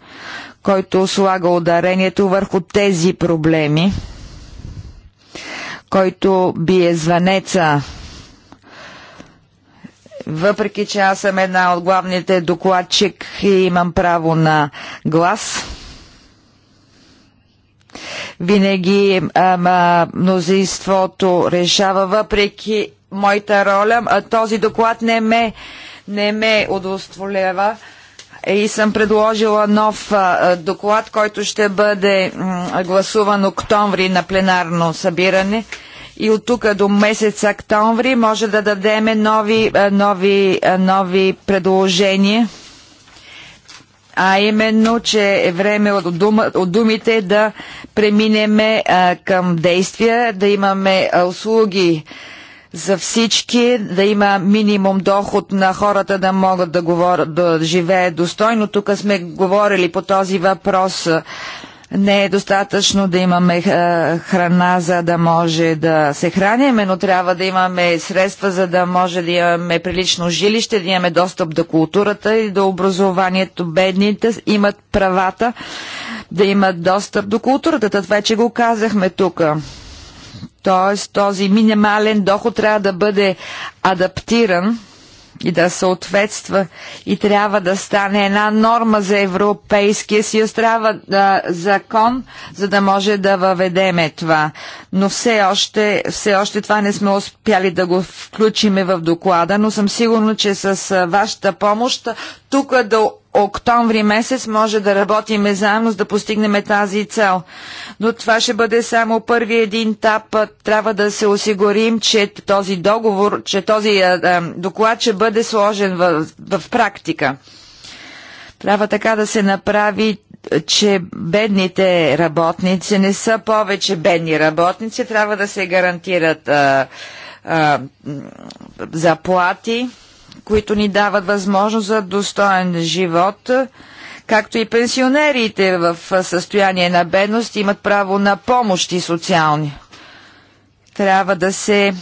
който слага ударението върху тези проблеми който бие звънеца. Въпреки, че аз съм една от главните докладчик и имам право на глас, винаги ама, мнозинството решава, въпреки моята роля, а този доклад не ме, не ме удовлетворява и съм предложила нов доклад, който ще бъде гласуван октомври на пленарно събиране и от тук до месец октомври може да дадем нови, нови, нови предложения. А именно, че е време от, дума, от думите да преминеме а, към действия, да имаме а, услуги, за всички, да има минимум доход на хората да могат да, говорят, да живеят достойно. Тук сме говорили по този въпрос. Не е достатъчно да имаме храна, за да може да се храняме, но трябва да имаме средства, за да може да имаме прилично жилище, да имаме достъп до културата и до образованието. Бедните имат правата да имат достъп до културата. Това вече го казахме тук. Т.е. този минимален доход трябва да бъде адаптиран и да съответства и трябва да стане една норма за Европейския съюз. Трябва да, закон, за да може да въведеме това. Но все още, все още това не сме успяли да го включиме в доклада, но съм сигурна, че с вашата помощ тук да октомври месец може да работиме заедно, за да постигнем тази цел. Но това ще бъде само първи един етап. Трябва да се осигурим, че този договор, че този а, а, доклад ще бъде сложен в, в практика. Трябва така да се направи, че бедните работници не са повече бедни работници. Трябва да се гарантират а, а, заплати които ни дават възможност за достоен живот, както и пенсионерите в състояние на бедност имат право на помощи социални. Трябва да се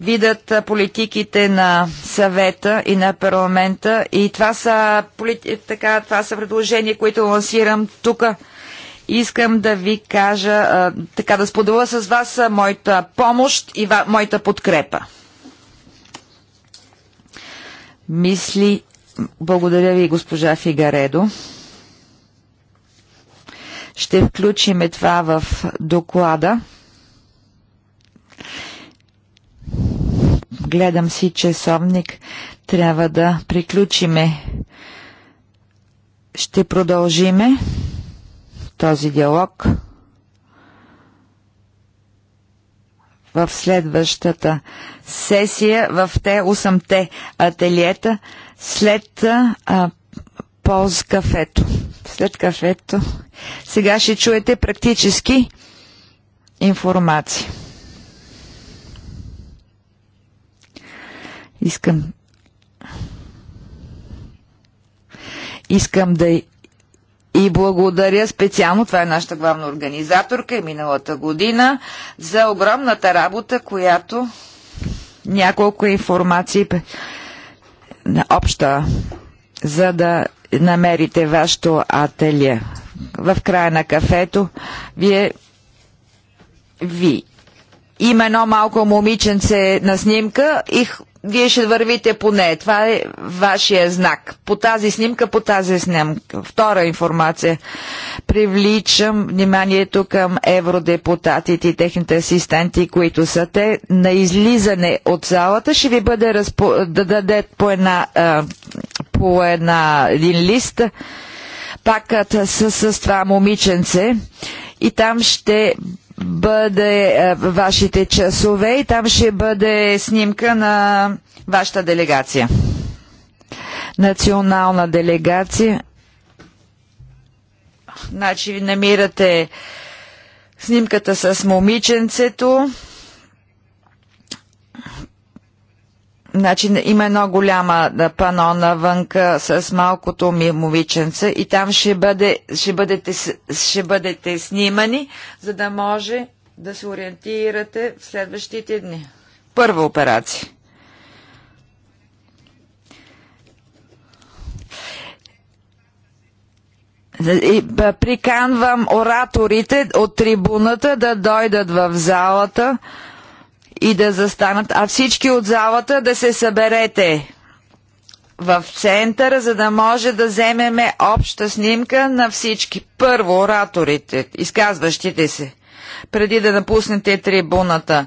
видят политиките на съвета и на парламента и това са, полити... така, това са предложения, които лансирам тук. Искам да ви кажа, така да споделя с вас моята помощ и моята подкрепа мисли. Благодаря ви, госпожа Фигаредо. Ще включиме това в доклада. Гледам си часовник. Трябва да приключиме. Ще продължиме този диалог. в следващата сесия в те 8-те ателиета след а, полз кафето. След кафето. Сега ще чуете практически информации. Искам Искам да и благодаря специално, това е нашата главна организаторка и е миналата година, за огромната работа, която няколко информации обща, за да намерите вашето ателие. В края на кафето вие ви. Има едно малко момиченце на снимка и вие ще вървите по нея. Това е вашия знак. По тази снимка, по тази снимка. Втора информация. Привличам вниманието към евродепутатите и техните асистенти, които са те. На излизане от залата ще ви бъде разпо... да дадат по една, а, по една един лист пакът с, с това момиченце и там ще бъде а, е, вашите часове и там ще бъде снимка на вашата делегация. Национална делегация. Значи намирате снимката с момиченцето. Значи има едно голяма пано навънка с малкото ми момиченце и там ще, бъде, ще, бъдете, ще бъдете снимани, за да може да се ориентирате в следващите дни. Първа операция. Приканвам ораторите от трибуната да дойдат в залата и да застанат, а всички от залата да се съберете в центъра, за да може да вземеме обща снимка на всички. Първо ораторите, изказващите се. Преди да напуснете трибуната,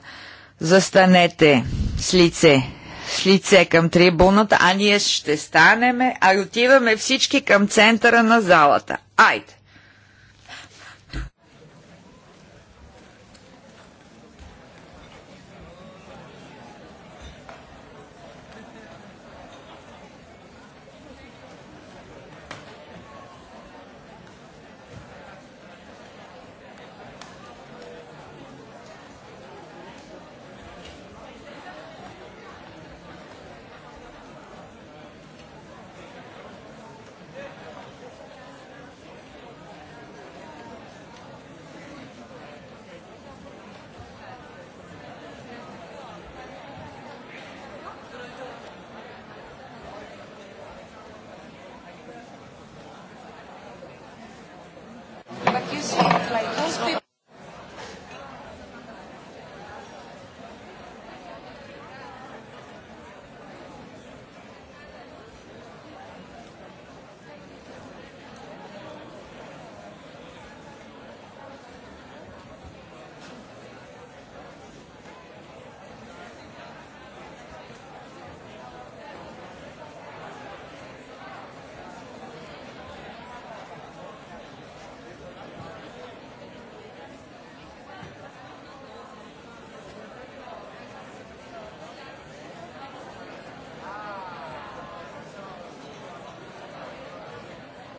застанете с лице с лице към трибуната, а ние ще станеме, а отиваме всички към центъра на залата. Айде!